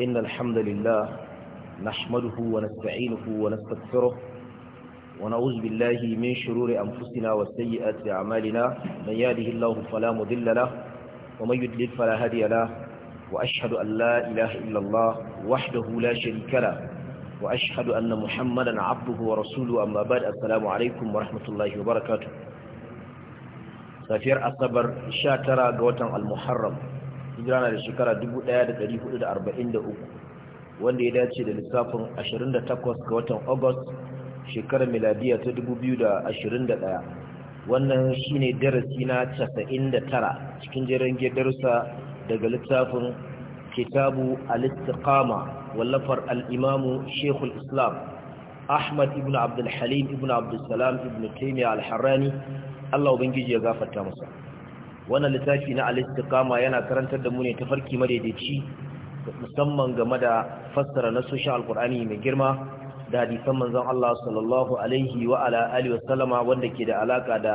إن الحمد لله نحمده ونستعينه ونستغفره ونعوذ بالله من شرور أنفسنا وسيئات أعمالنا من يهده الله فلا مضل له ومن يضلل فلا هادي له وأشهد أن لا إله إلا الله وحده لا شريك له وأشهد أن محمدا عبده ورسوله أما بعد السلام عليكم ورحمة الله وبركاته سفير أصبر شاترا قوة المحرم hijira na da shekara 1443 wanda ya dace da lissafin 28 ga watan august shekarar miladiya ta 2021 wannan shine darasi na 99 cikin jirage darussa daga lissafin kitabu al-istiqama wallafar al-imamu shekul islam ahmad ibn abdulhalim ibn abdulsalam ibn taimiyya al-harrani allah ubangiji ya gafarta masa wannan littafi na al-istiqama yana karantar da mu ne tafarki madaidaici musamman game da fassara na sosha alkur'ani mai girma da hadisan manzon Allah sallallahu alaihi wa ala alihi wasallama wanda ke da alaka da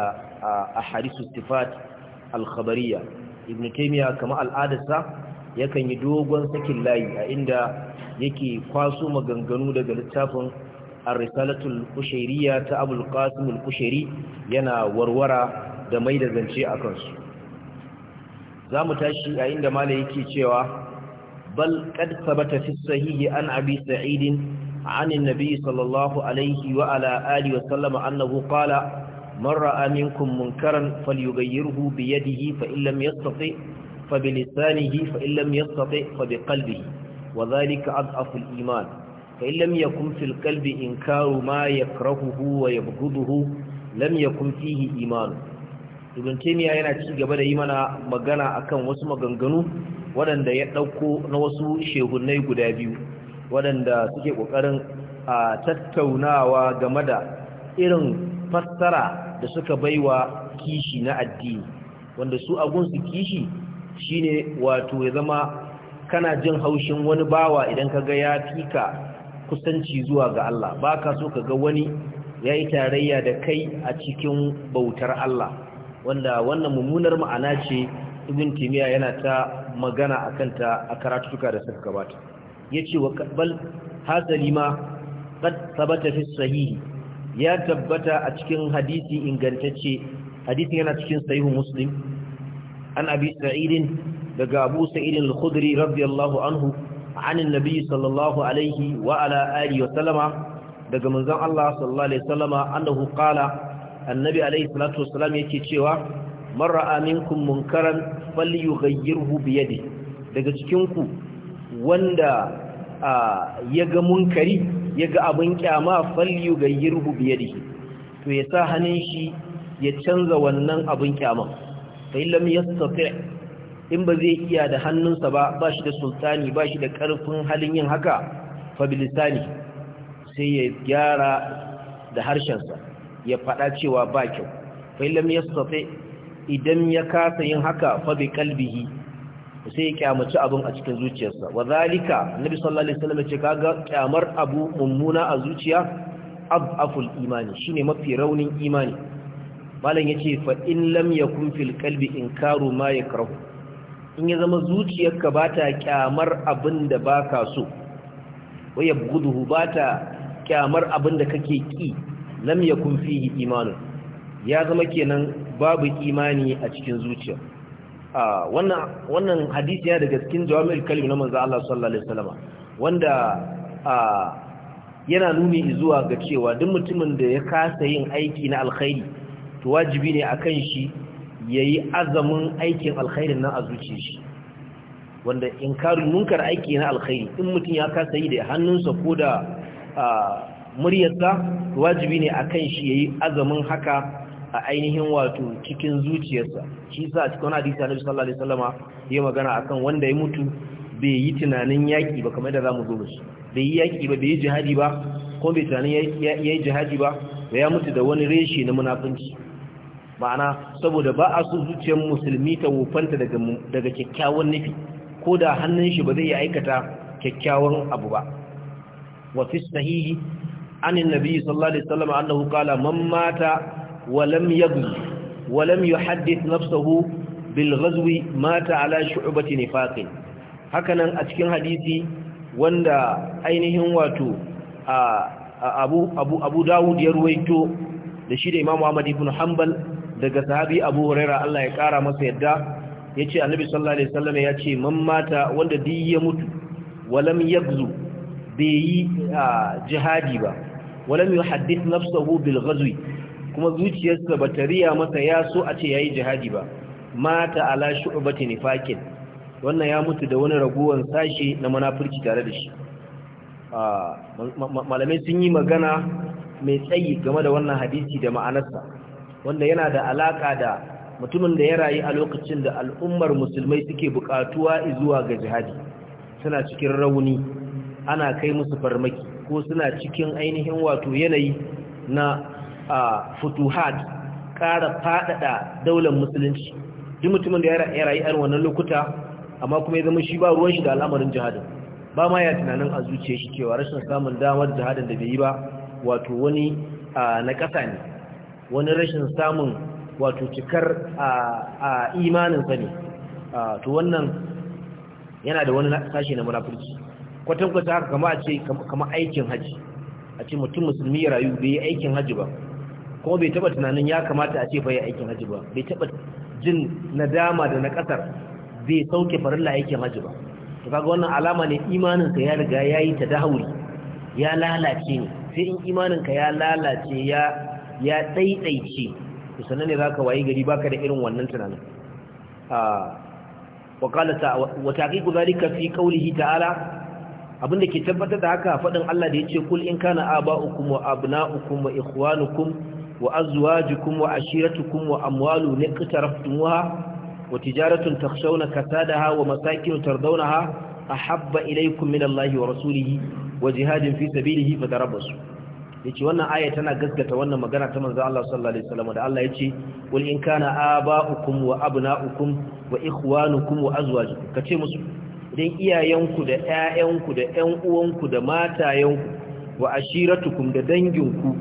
ahadisu sifat al-khabariyya ibn taymiya kama al'adarsa yakan yi dogon sakin layi a inda yake kwaso maganganu daga littafin ar-risalatul qushayriyya ta abul qasim al-qushairi yana warwara da mai da zance akan su za mu tashi yayin da malai yake cewa bal qad sabata fi sahihi an abi sa'id an annabi sallallahu alaihi wa ala alihi wa sallama annahu qala man ra'a minkum munkaran falyughayyirhu bi yadihi fa in lam yastati fa bi lisanihi fa in lam yastati fa bi qalbihi wa dhalika adhafu al-iman fa in lam yakun fil qalbi inkaru ma yakrahuhu wa yabghuduhu lam yakun fihi imanun ibn taymiya yana ci gaba da yi mana magana akan wasu maganganu waɗanda ya ɗauko na wasu shehunnai guda biyu waɗanda suke ƙoƙarin a tattaunawa game da irin fassara da suka baiwa kishi na addini wanda su su kishi shine wato ya zama kana jin haushin wani bawa idan kaga ya fika kusanci zuwa ga Allah baka so kaga wani yayi tarayya da kai a cikin bautar Allah wanda wannan mummunar ma'ana ce ibn timiya yana ta magana akan ta a karatuka da suka gabata yace wa bal hasali ma qad fi sahihi ya tabbata a cikin hadisi ingantacce hadisi yana cikin sahihu muslim an abi sa'id daga abu sa'id al-khudri radiyallahu anhu عن النبي صلى الله عليه وعلى آله وسلم دقى منزان الله صلى الله عليه وسلم أنه قال annabi alaihi salatu yake cewa man ra'a minkum munkaran falyughayyirhu bi yadi daga cikin ku wanda ya ga munkari ya ga abin kyama falyughayyirhu bi yadihi to ya sa hannun shi ya canza wannan abin kyaman fa illam yastati in ba zai iya da hannunsa ba ba shi da sultani ba shi da karfin halin yin haka fa sai ya gyara da harshensa ya faɗa cewa ba kyau fai lam yastati idan ya kasa yin haka fa kalbihi sai ya kyamaci abin a cikin zuciyarsa wa zalika nabi sallallahu alaihi wasallam ce kyamar abu mummuna a zuciya ab'aful imani shine mafi raunin imani malam yace fa in lam yakun kalbi in inkaru ma yakrahu in ya zama zuciyarka bata kyamar abin da baka so waya ba bata kyamar abin da kake ƙi? lam yakun fihi imanu, ya zama kenan babu imani a cikin zuciya wannan wannan hadisi ya daga cikin jawamil kalim na manzo Allah sallallahu alaihi wasallam wanda yana nuni zuwa ga cewa duk mutumin da ya kasa yin aiki na alkhairi to wajibi ne akan shi yayi azamin aikin alkhairin nan a zuciyar shi wanda inkarun munkar aiki na alkhairi in mutum ya kasa yi da hannunsa ko da muryarsa wajibi ne akan shi ya yi azamin haka a ainihin wato cikin zuciyarsa shi sa cikin hadisi Annabi sallallahu alaihi wasallama yayi magana akan wanda ya mutu bai yi tunanin yaƙi ba kamar da mu zo shi bai yi yaƙi ba bai yi jihadi ba ko bai tunanin ya yi jihadi ba da ya mutu da wani reshe na munafunci ma'ana saboda ba a so zuciyar musulmi ta wofanta daga daga kyakkyawan nufi ko da hannun shi ba zai aikata kyakkyawan abu ba wa fi sahihi عن النبي صلى الله عليه وسلم أنه قال من مات ولم يغزو ولم يحدث نفسه بالغزو مات على شعبة نفاق هكذا أتكين حديثي وند أينهم واتو أبو, أبو, أبو داود يرويتو لشيد إمام أحمد بن حنبل daga sahabi Abu Huraira Allah ya kara masa yadda yace Annabi sallallahu alaihi wasallam yace man mata wanda duk ya mutu walam yagzu bai yi jihadi ba walam yuhaddith nafsahu bil ghazwi kuma zuciyarsa bata riya masa ya so a ce yi jihadi ba mata ala wannan ya mutu da wani raguwan sashi na munafurci tare da shi malamai sun yi magana mai tsayi game da wannan hadisi da ma'anarsa wanda yana da alaka da mutumin da ya rayu a lokacin da al'ummar musulmai suke bukatuwa zuwa ga jihadi suna cikin rauni ana kai musu farmaki ko suna cikin ainihin wato yanayi na futuhat ƙara faɗaɗa daular musulunci duk mutumin da ya rayu a wannan lokuta amma kuma ya zama shi ba ruwan shi da al'amarin jihadin ba ma ya tunanin a zuciya shi cewa rashin samun damar jihadin da bai yi ba wato wani na ƙasa ne wani rashin samun wato cikar a imaninsa ne to wannan yana da wani sashi na munafurci kwatankwata haka kama a ce kama aikin hajji a ce mutum musulmi ya rayu bai yi aikin hajji ba kuma bai taba tunanin ya kamata a ce bai yi aikin hajji ba bai taba jin nadama da na kasar bai sauke farilla aikin hajji ba to kaga wannan alama ne ka ya riga ya yi tadahuri ya lalace ne sai in imaninka ya lalace ya ya daidaice to sanan ne zaka wayi gari baka da irin wannan tunanin a ah, وقال تعالى wa ذلك في قوله تعالى abin da ke tabbatar da haka faɗin Allah da ya ce kul in kana aba'ukum wa abna'ukum wa ikhwanukum wa azwajukum wa ashiratukum wa amwalu niqtaraftumuha wa tijaratun takhshawna kasadaha wa masakin tardawnaha ahabba ilaykum min Allah wa rasulihi wa jihadin fi sabilihi fatarabbasu yace wannan aya tana gaskata wannan magana ta manzo Allah sallallahu alaihi wasallam da Allah yace kul in kana aba'ukum wa abna'ukum wa ikhwanukum wa azwajukum kace musu don iyayenku da 'ya'yanku da 'yan uwanku da matayenku wa ashiratukum da danginku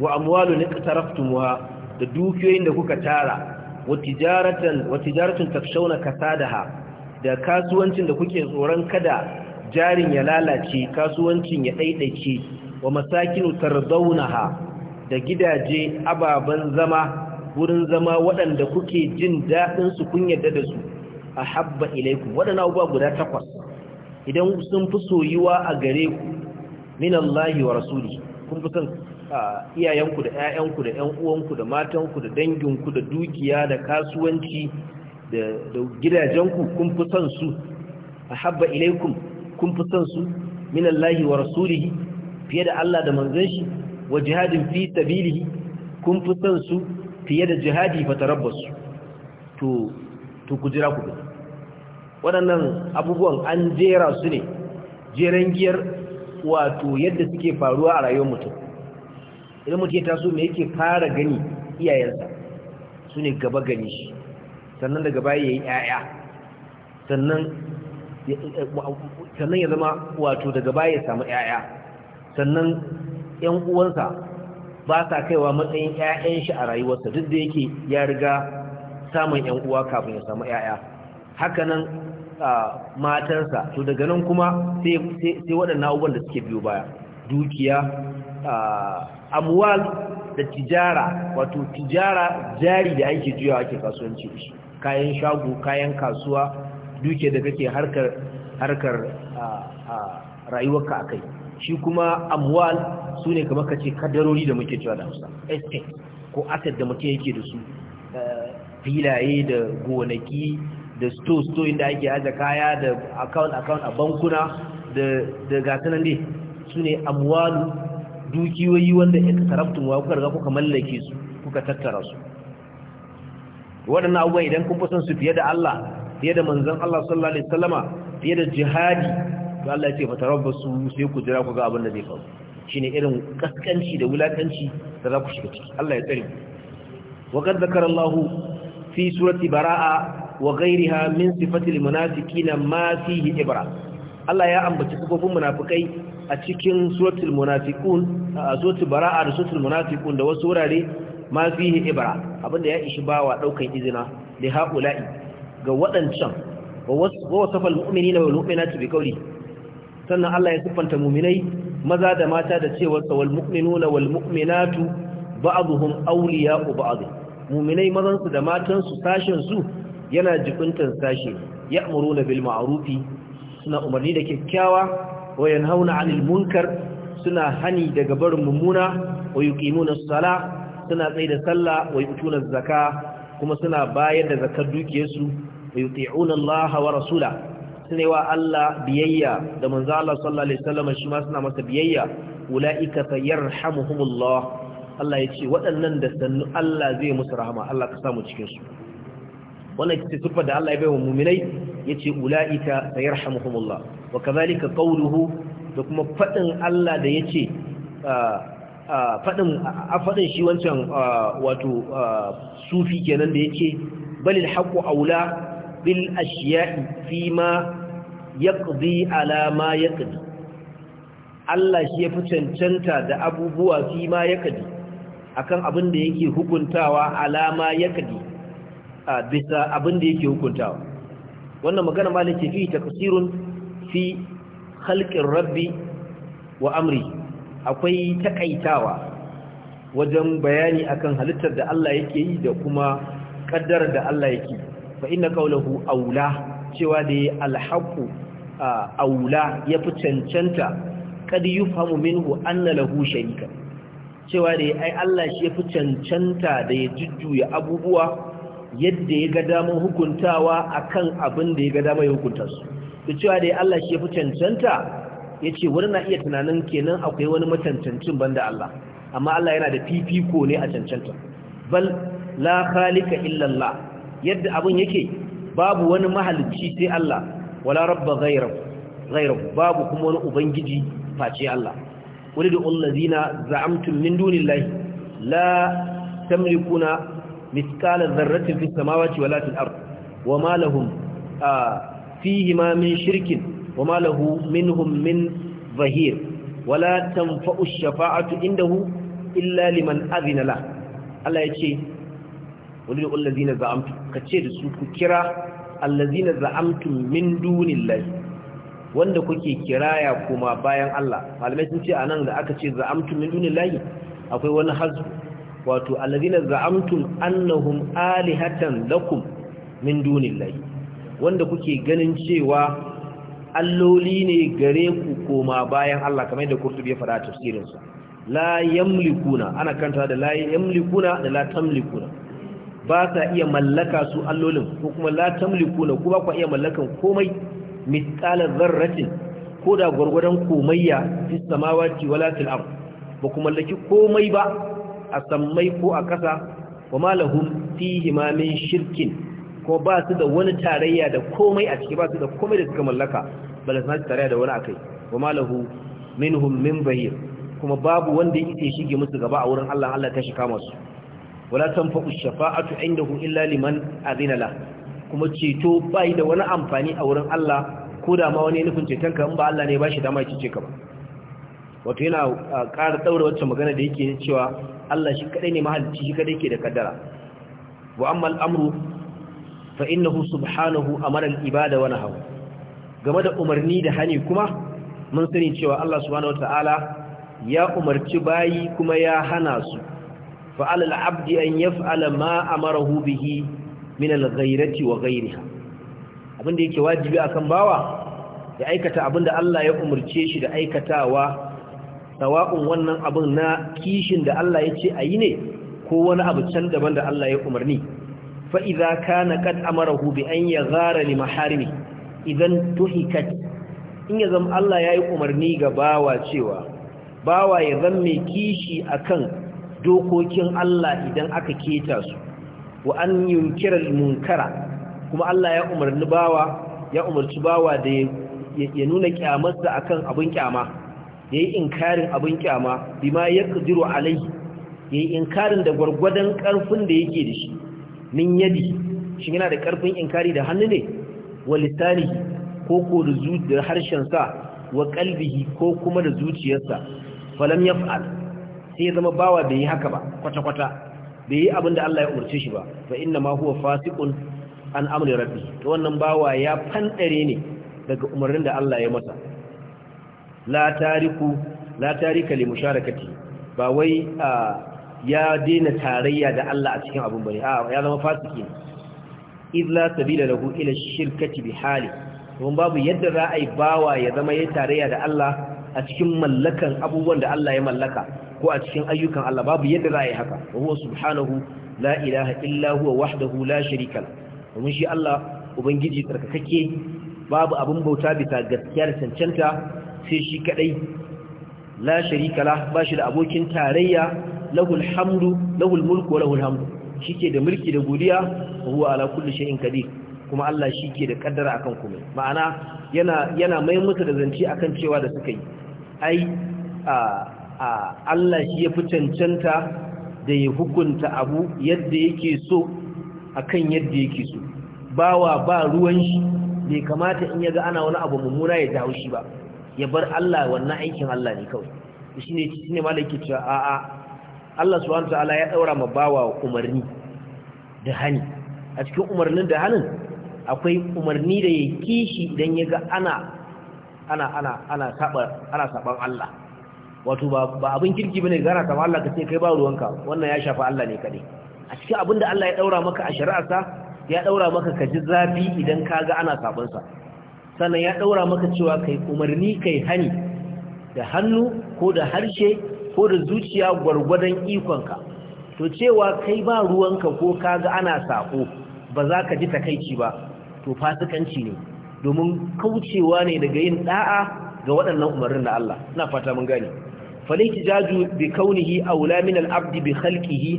wa amwalu ne taraftumuha da dukiyoyin da kuka tara wa tijaratan wa kasa da kasadaha da kasuwancin da kuke tsoron kada jarin ya lalace kasuwancin ya daidaice wa masakinu tardawnaha da gidaje ababen zama wurin zama waɗanda kuke jin daɗin su kun yarda da su A habba ilaikum waɗannan abubuwa guda takwas idan sun fi soyuwa a gare ku min Allah wa rasuli kun fi son iyayenku da ƴaƴanku da ƴan da matanku da danginku da dukiya da kasuwanci da gidajenku kun fi son su A habba ilaikum kun fi son su min Allah wa rasulihi fiye da Allah da manzan shi wa jihadin fi tabili kun fi son su fiye da jihadi fatarabbasu to to ku jira ku waɗannan abubuwan an jera su ne jeren giyar wato yadda suke faruwa a rayuwar mutum idan mutum ya taso me yake fara gani iyayensa su ne gaba gani shi sannan daga baya ya yi 'ya'ya sannan ya zama wato daga baya ya samu 'ya'ya sannan 'yan uwansa ba sa kaiwa matsayin 'ya'yan shi a rayuwarsa duk da yake ya riga samun yan uwa kafin ya samu yaya hakanan matarsa to daga nan kuma sai sai waɗannan abubuwan da suke biyo baya dukiya amwal da tijara wato tijara jari da ake juyawa ake kasuwanci kayan shago kayan kasuwa duke da kake harkar harkar rayuwarka kai, shi kuma amwal sune ne kamar kace kadarori da muke cewa da Hausa estate ko asset da muke yake da su eh, filaye da gonaki da sto-sto inda ake aje kaya da account-account a bankuna da gasunan dai su ne amwalu dukiyoyi wanda ya taraftun wa kuka riga kuka mallake su kuka tattara su waɗannan abubuwan idan kun fasan su fiye da Allah fiye da manzon Allah sallallahu alaihi wasallama fiye da jihadi to Allah ya ce fa tarabbasu sai ku jira ku ga abin da zai faru shine irin kaskanci da wulakanci da za ku shiga ciki Allah ya tsare ku wa qad Allahu fi surati bara'a wa ghairiha min sifatil munafiqina ma fihi ibra Allah ya ambaci kafofin munafikai a cikin suratul munafiqun a suratul bara'a da suratul munafiqun da wasu wurare ma fihi ibra abinda ya ishi bawa daukan izina li haula'i ga wadancan wa wasafa almu'minina wal mu'minati bi qawli sannan Allah ya siffanta mu'minai maza da mata da cewa wal mu'minuna wal mu'minatu ba'dhum awliya'u ba'd muminai mazansu da matansu sashensu yana jikuntan sashe ya amuruna bil ma'arufi suna umarni da kyakkyawa wa hauna 'anil munkar suna hani daga barin mummuna wa yuqimuna sala suna tsaida sallah wayu yutuna zaka kuma suna bayar da zakar dukiyarsu wayu yuti'una laha wa rasula sune wa Allah biyayya da manzo Allah sallallahu alaihi wasallam shi ma suna masa biyayya ulaika fayarhamuhumullah Allah ya ce waɗannan da sannu Allah zai musu rahama Allah ka samu cikinsu wannan ce siffar da Allah ya baiwa muminai ya ce ula'ika sayarhamuhumullah wa kazalika qawluhu da kuma faɗin Allah da ya ce faɗin a faɗin shi wancan wato sufi kenan da ya ce balil haƙo aula bil ashiya'i fi ma ya ala ma ya Allah shi ya fi cancanta da abubuwa fi ma ya akan abin da yake hukuntawa alama kadi, a bisa abin da yake hukuntawa wannan magana malin ce fi tafsirun fi khalqin rabbi wa amri akwai takaitawa wajen bayani akan halittar da Allah yake yi da kuma kaddarar da Allah yake fa inna qawluhu aula cewa da ya alhaqu aula yafi cancanta kad yufhamu minhu anna lahu sharika cewa da ya ai Allah shi ya fi cancanta da ya jujjuya abubuwa yadda ya ga damar hukuntawa a kan abin da ya ga damar hukunta su da cewa da ya Allah shi ya fi cancanta ya ce wani na iya tunanin kenan akwai wani macancancin da Allah amma Allah yana da fifiko ne a cancanta bal la khalika illallah yadda abin yake babu wani mahalicci sai Allah wala rabba ghayruhu babu kuma wani ubangiji face Allah wani da allazina za'amtum min dunillahi la tamlikuna mithqala dharratin fis samawati wala fil ard wama lahum fihi ma min shirkin wama lahu minhum min zahir wala tanfa'u ash-shafa'atu indahu illa liman adhina la Allah yace wani da allazina za'amtum kace da su ku kira allazina za'amtum min wanda kuke kiraya kuma bayan Allah malamai sun ce anan da aka ce za'amtum min dunillahi akwai wani hazu wato alladhina za'amtum annahum alihatan lakum min dunillahi wanda kuke ganin cewa alloli ne gare ku koma bayan Allah kamar da kurtubi ya fara tafsirin sa la yamlikuna ana kanta da la yamlikuna da la tamlikuna ba ta iya mallaka su allolin ko kuma la tamlikuna ko ba ku iya mallakan komai mithqala zarratin ko da gurgurdan komayya fis samawati wala fil ard ba kuma laki komai ba a sammai ko a ƙasa wa malahum fihi fi himamin shirkin ko ba su da wani tarayya da komai a ciki ba su da komai da suka mallaka bala sun tarayya da wani akai wa malahu minhum min bahir kuma babu wanda yake shige musu gaba a wurin Allah Allah ta shika musu wala tanfa'u shafa'atu indahu illa liman adina la kuma ceto bai da wani amfani a wurin Allah ko da ma wani nufin ceton ka in ba Allah ne ba shi dama ya cece ka ba wato yana ƙara daura wacce magana da yake cewa Allah shi kadai ne mahalicci shi kadai ke da kaddara wa amma al'amru fa innahu subhanahu a al-ibada wani hau. game da umarni da hani kuma mun sani cewa Allah subhanahu wata'ala ya umarci bayi kuma ya hana su fa alal abdi an yaf'ala ma amarahu bihi min al-ghayrati wa ghayriha abinda yake wajibi akan bawa ya aikata abinda Allah ya umurce shi da aikatawa sawa'un wannan abin na kishin da Allah ya ce ayi ne ko wani abu can daban da Allah ya umarni fa idza kana qad amarahu bi an yaghara li maharimi idan tuhikat in ya zama Allah ya yi umarni ga bawa cewa bawa ya zama mai kishi akan dokokin Allah idan aka keta su wa an yunkira munkara kuma Allah ya umarni bawa ya umarci bawa da ya nuna kyamarsa akan abin kyama yayi inkarin abin kyama bima yaqdiru alai yayi inkarin da gurgurdan karfin da yake da shi min yadi shin yana da karfin inkari da hannu ne wa lisani ko ko da zuciyar harshen sa wa kalbihi ko kuma da zuciyarsa falam yaf'al sai zama bawa bai yi haka ba kwata kwata bai yi abin da Allah ya umarci shi ba fa inna ma huwa fasiqun an amri rabbi to wannan bawa ya fandare ne daga umarnin da Allah ya masa la tariku la tarika li musharakati ba wai ya daina tarayya da Allah a cikin abin bane a ya zama fasiki iz la sabila lahu ila shirkati bi hali don babu yadda za a yi bawa ya zama ya tarayya da Allah a cikin mallakan abubuwan da Allah ya mallaka ko a cikin ayyukan Allah babu yadda za a yi haka wa huwa subhanahu la ilaha illa huwa wahdahu la sharika la domin shi Allah ubangiji tsarkakake babu abin bauta bisa da cancanta sai shi kadai la sharika la ba shi da abokin tarayya lahul hamdu lahul mulku wa lahul hamdu shike da mulki da godiya wa huwa ala kulli shay'in qadir kuma Allah shike da kaddara akan komai ma'ana yana yana mai musu da zanci akan cewa da suka yi ai a a Allah shi ya fi cancanta da ya hukunta abu yadda yake so a kan yadda yake so bawa ba ruwan shi bai kamata in yaga ana wani abu mummuna ya jawo shi ba ya bar Allah wannan aikin Allah ne kawai shine shine malaki cewa a Allah subhanahu ta'ala ya daura ma bawa umarni da hani a cikin umarnin da hanin akwai umarni da ya kishi idan yaga ana ana ana ana saba ana saban Allah wato ba abin kirki bane gara ta Allah ka ce kai ba ruwanka wannan ya shafa Allah ne kaɗai. a cikin abin da Allah ya daura maka a shari'arsa ya daura maka ka ji zafi idan ka ga ana sabon sa sannan ya daura maka cewa kai umarni kai hani da hannu ko da harshe ko da zuciya gwargwadon ikonka to cewa kai ba ruwanka ko ka ga ana sako ba za ka ji takaici ba to fasikanci ne domin kaucewa ne daga yin da'a ga waɗannan umarnin da Allah ina fata mun gane falaiki jaju bi kaunihi aula min al-abdi bi khalqihi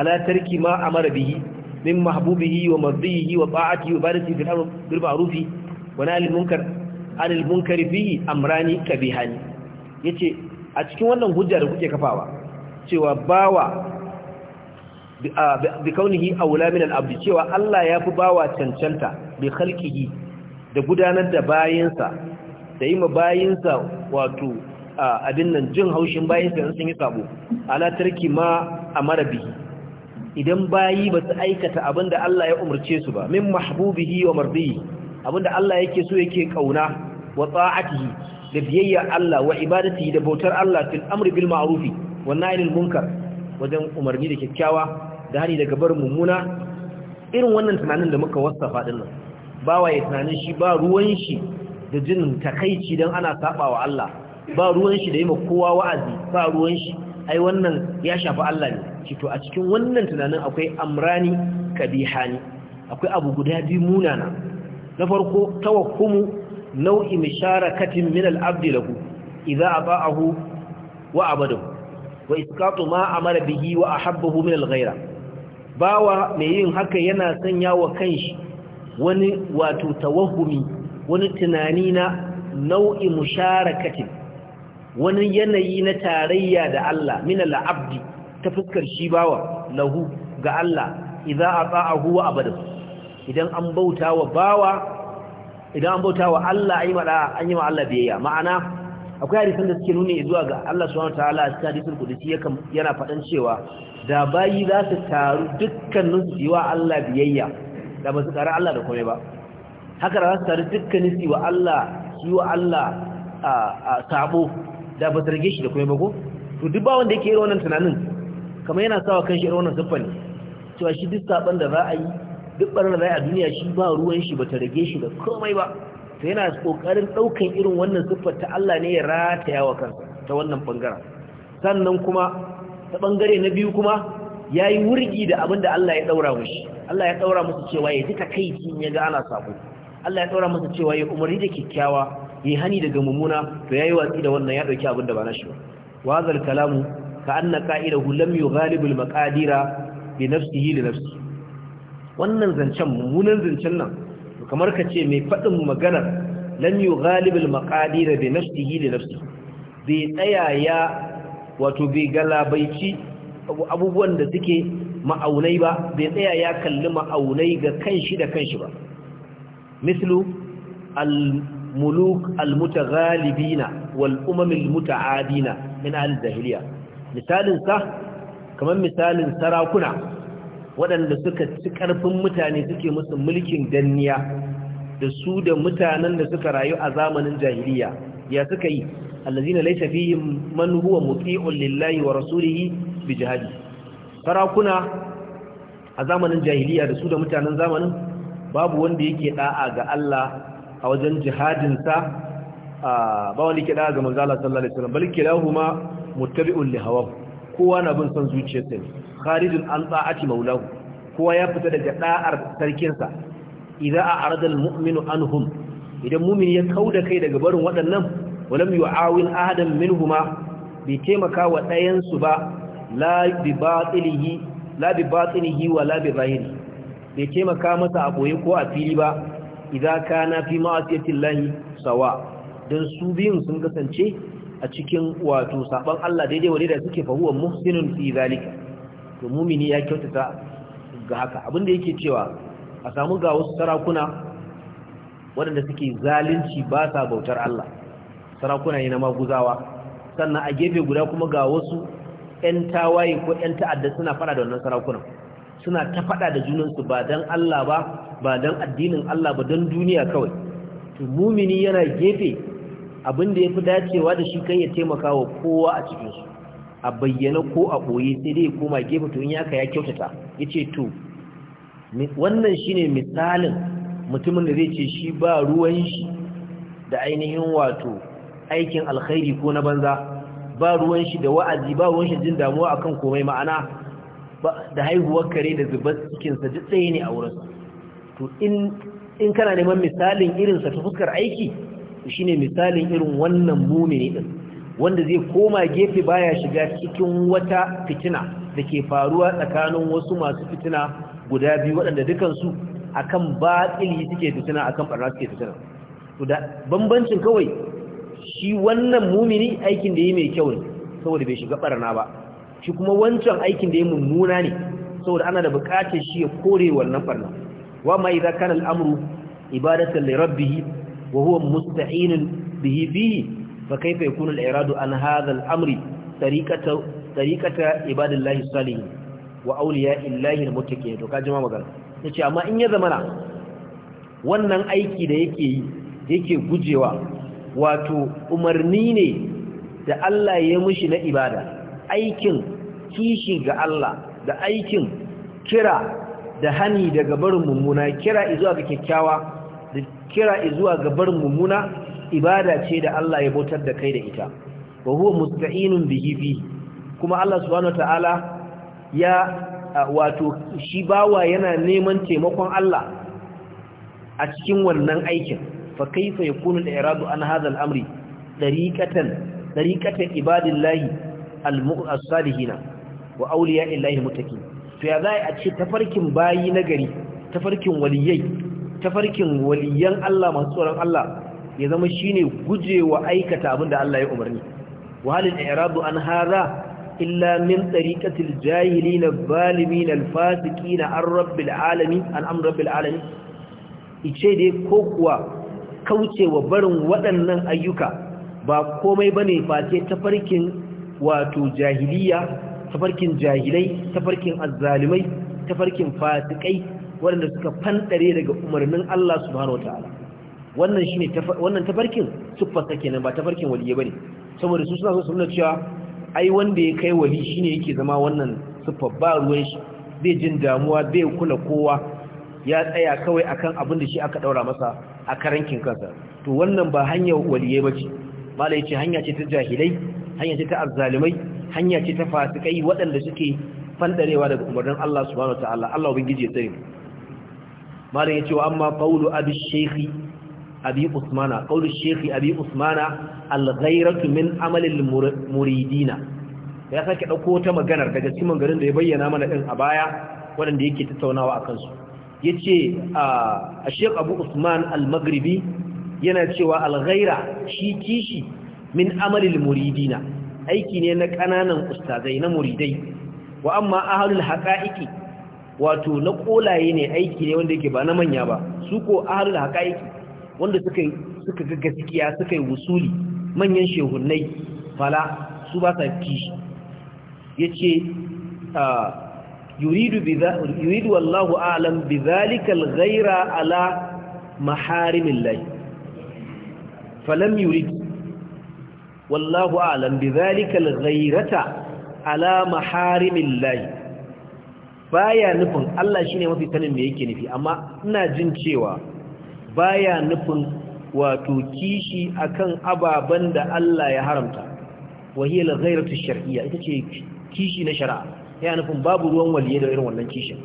ala tarki ma amara bihi min mahbubihi wa mardihi wa ta'atihi wa barati fil amr bil ma'ruf wa nahy munkar anil munkar fihi amrani kabihani yace a cikin wannan hujja da kuke kafawa cewa bawa bi kaunihi aula min al-abdi cewa Allah ya fi bawa cancanta bi khalqihi da gudanar da bayinsa da yi ma bayinsa wato abin nan jin haushin bayan sai sun yi sabo ala tarki ma amara bihi idan bayi ba su aikata da Allah ya umarce su ba min mahbubihi wa mardihi da Allah yake so yake kauna wa ta'atihi da biyayya Allah wa ibadatihi da bautar Allah fil amri bil ma'rufi wa nahyi munkar wajen umarni da kyakkyawa da hani daga barin mummuna irin wannan tunanin da muka wasafa din nan bawa waye tunanin shi ba ruwan shi da jin takaici dan ana sabawa Allah ba ruwan shi da yi kowa wa'azi ba ruwan shi ai wannan ya shafi Allah ne shi to a cikin wannan tunanin akwai amrani kabihani akwai abu guda biyu munana na farko tawakkumu nau'i misharakatin min al-abdi lahu idza ata'ahu wa abadahu wa isqatu ma amara bihi wa ahabbahu min al-ghayra bawa mai yin haka yana sanya wa kanshi wani wato tawahumi wani tunani na nau'i musharakatin wani yanayi na tarayya da Allah min al-abdi ta fuskar shi bawa lahu ga Allah idza ata'ahu wa abada idan an bauta wa bawa idan an bauta wa Allah ayi mada an yi ma Allah biyayya ma'ana akwai hadisin da suke nuni zuwa ga Allah subhanahu wataala a cikin hadisul qudsi yana fadan cewa da bayi za su taru dukkanin su yiwa Allah biyayya da ba su tare Allah da komai ba haka da za su taru dukkanin su wa Allah yiwa wa Allah a sabo da ba rage shi da kuma bago to duk ba wanda yake irin wannan tunanin kamar yana sawa kan shi irin wannan siffa ne cewa shi duk saban da za a yi duk barar da a duniya shi ba ruwan shi ba ta rage shi da komai ba to yana kokarin daukan irin wannan siffar ta Allah ne ya rataya wa kansa ta wannan bangaren sannan kuma ta bangare na biyu kuma yayi wurgi da abin da Allah ya daura mushi, Allah ya daura musu cewa ya ji takeici in ya ga ana sako Allah ya daura musu cewa ya umarni da kikkiawa yi hani daga mummuna to yayi watsi da wannan ya dauki abin da ba nashi ba wa zal kalamu ka anna qa'idahu lam yughalibu al maqadira bi nafsihi li nafsi wannan zancen mummunan zancen nan kamar ka ce mai fadin maganar lam yughalibu al maqadira bi nafsihi li nafsi bai tsaya wato bai galabaici abubuwan da suke ma'aunai ba bai tsaya ya kalli ma'aunai ga kanshi da kanshi ba mislu al muluk almutaghalibina wal umam almutaadina min al-jahiliya misalin sa kamar misalin sarakuna waɗanda suka ci ƙarfin mutane suke musu mulkin danniya da su da mutanen da suka rayu a zamanin jahiliya ya suka yi allazina laysa fihim man huwa muti'un lillahi wa rasulihi bi jihadi sarakuna a zamanin jahiliya da su da mutanen zamanin babu wanda yake da'a ga Allah a wajen jihadinsa ba wani kiɗa ga manzala sallallahu alaihi wasallam bal kilahuma muttabi'un li hawahu kowa na bin son zuciyarsa ne kharijun an ta'ati maulahu kowa ya fita daga da'ar sarkinsa idza a'rada al-mu'minu anhum idan mu'min ya kauda kai daga barin waɗannan walam yu'awin ahadan minhuma bi taimaka wa ɗayan su ba la bi batilihi la bi batinihi wa la bi zahiri bai taimaka masa a boye ko a fili ba idza kana fi ma'asiyati llahi sawa dan su biyun sun kasance a cikin wato saban Allah daidai wani da suke fahuwa muhsinun fi zalika to mumini ya kyautata ga haka abinda yake cewa a samu ga wasu sarakuna waɗanda suke zalunci ba sa bautar Allah sarakuna ne na maguzawa sannan a gefe guda kuma ga wasu 'yan tawaye ko 'yan ta'adda suna fara da wannan sarakunan suna ta faɗa da junansu ba don Allah ba ba don addinin Allah ba don duniya kawai to mumini yana gefe abinda da ya fi dacewa da shi kai ya taimaka wa kowa a cikinsu a bayyana ko a ɓoye sai dai ya koma gefe to in ya ya kyautata ya ce to wannan shine misalin mutumin da zai ce shi ba ruwan shi da ainihin wato aikin alkhairi ko na banza ba ruwan shi da wa'azi ba ruwan shi jin damuwa akan komai ma'ana da haihuwar kare da zubar cikinsa duk tsaye ne a wurin to in kana neman misalin irinsa ta fuskar aiki shi ne misalin irin wannan mumini ɗin wanda zai koma gefe baya shiga cikin wata fitina da ke faruwa tsakanin wasu masu fitina guda biyu waɗanda dukansu akan baƙili suke fitina akan ɓarna suke fitina to da bambancin kawai shi wannan mumini aikin da yi mai kyau ne saboda bai shiga ɓarna ba shi kuma wancan aikin da ya mummuna ne saboda ana da buƙatar shi ya kore wannan barna wa ma idza kana al'amru ibadatan li rabbih wa huwa musta'inun bihi bihi fa kayfa yakunu al-iradu an hadha al-amri tariqata tariqata ibadillahi salihin wa awliya'illahi al-muttaqin to kaji ma magana yace amma in ya zamana wannan aiki da yake yi yake gujewa wato umarni ne da Allah ya mishi na ibada aikin kishi ga Allah da aikin kira da hani daga barin mummuna kira izuwa ga kyakkyawa da kira izuwa ga barin mummuna ibada ce da Allah ya bautar da kai da ita wa huwa musta'inun bihi fi kuma Allah subhanahu wataala ya wato shi bawa yana neman taimakon Allah a cikin wannan aikin fa kaifa yakunu al-iradu an hadha al-amri dariqatan dariqatan ibadillahi al-mu'assalihina wa auliya illahi mutaki to ya za a ce tafarkin bayi nagari tafarkin waliyai tafarkin waliyan Allah masu tsoron Allah ya zama shine gujewa aikata abinda Allah ya umarni wa halil i'radu an hadha illa min tariqatil jahilin zalimin alfasiqin an rabbil alamin an amr rabbil alamin ice dai ko kuwa kaucewa barin waɗannan ayyuka ba komai bane face tafarki wato jahiliya tafarkin jahilai tafarkin azzalimai tafarkin fasikai waɗanda suka fanɗare daga umarnin Allah subhanahu wataala wannan shine wannan tafarkin suffarsa kenan ba tafarkin waliye bane saboda su suna so su cewa ai wanda ya kai wali shine yake zama wannan suffar ba ruwan shi bai jin damuwa bai kula kowa ya tsaya kawai akan abin da shi aka daura masa a karankin kansa to wannan ba hanyar waliye bace malai ce hanya ce ta jahilai hanya ce ta azzalimai hanya ce ta fasikai waɗanda suke fandarewa daga umarnin Allah subhanahu wataala Allah ubangiji ya tsare malam yace wa amma qawlu abi shaykhi abi usmana qawlu shaykhi abi usmana al-ghayratu min amali al-muridina ya sake dauko ta maganar daga cikin garin da ya bayyana mana din a baya waɗanda yake tattaunawa akan su yace a shaykh abu usman al-maghribi yana cewa al-ghayra shi kishi min amali al-muridina aiki ne na ƙananan ustazai na muridai wa amma ahalul haƙa'iƙi wato na ƙolaye ne aiki ne wanda yake ba na manya ba su ko ahalul haƙa'iƙi wanda suka suka ga gaskiya suka yi wusuli manyan shehunnai fala su ba sa kishi yace yuridu yuridu wallahu a'lam bidhalikal gaira ala maharimillah falam yurid wallahu a'lam bi zalika ghayrata ala maharimillahi baya nufin Allah shine mafi sanin me yake nufi amma ina jin cewa baya nufin wato kishi akan ababan da Allah ya haramta wahiyar ghairatu shar'iyya ita ce kishi na shari'a ya nufin babu ruwan waliye da irin wannan kishin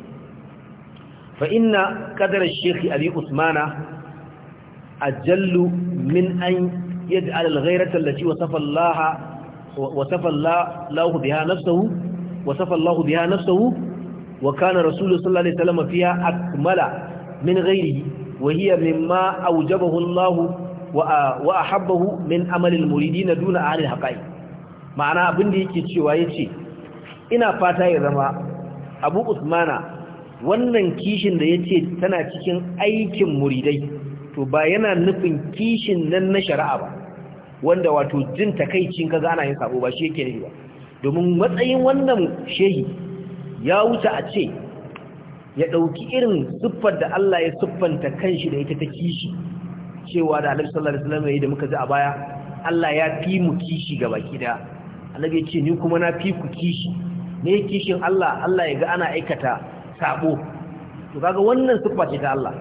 fa inna qadar ash-shaykh abi usmana ajallu min an yaj'al al-ghayrata allati wasafa Allah wasafa Allah biha nafsuhu sallallahu alaihi wasallam fiha akmala min ghayrihi wa hiya mimma awjabahu Allah wa ahabbahu min amal al-muridin duna ahli al ma'ana abin da yake cewa yace ina fata ya zama Abu wannan kishin da ya ce tana cikin aikin muridai to ba yana nufin kishin nan na shari'a ba wanda wato jin takaicin ga ana yin sabo ba shi yake ne ba domin matsayin wannan shehi ya wuce a ce ya ɗauki irin siffar da Allah ya siffanta kanshi da ita ta kishi cewa da Annabi sallallahu alaihi wasallam da muka ji a baya Allah ya fi mu kishi ga baki da Annabi ya ce ni kuma na fi ku kishi ne kishin Allah Allah ya ga ana aikata sabo to kaga wannan siffa ce ta Allah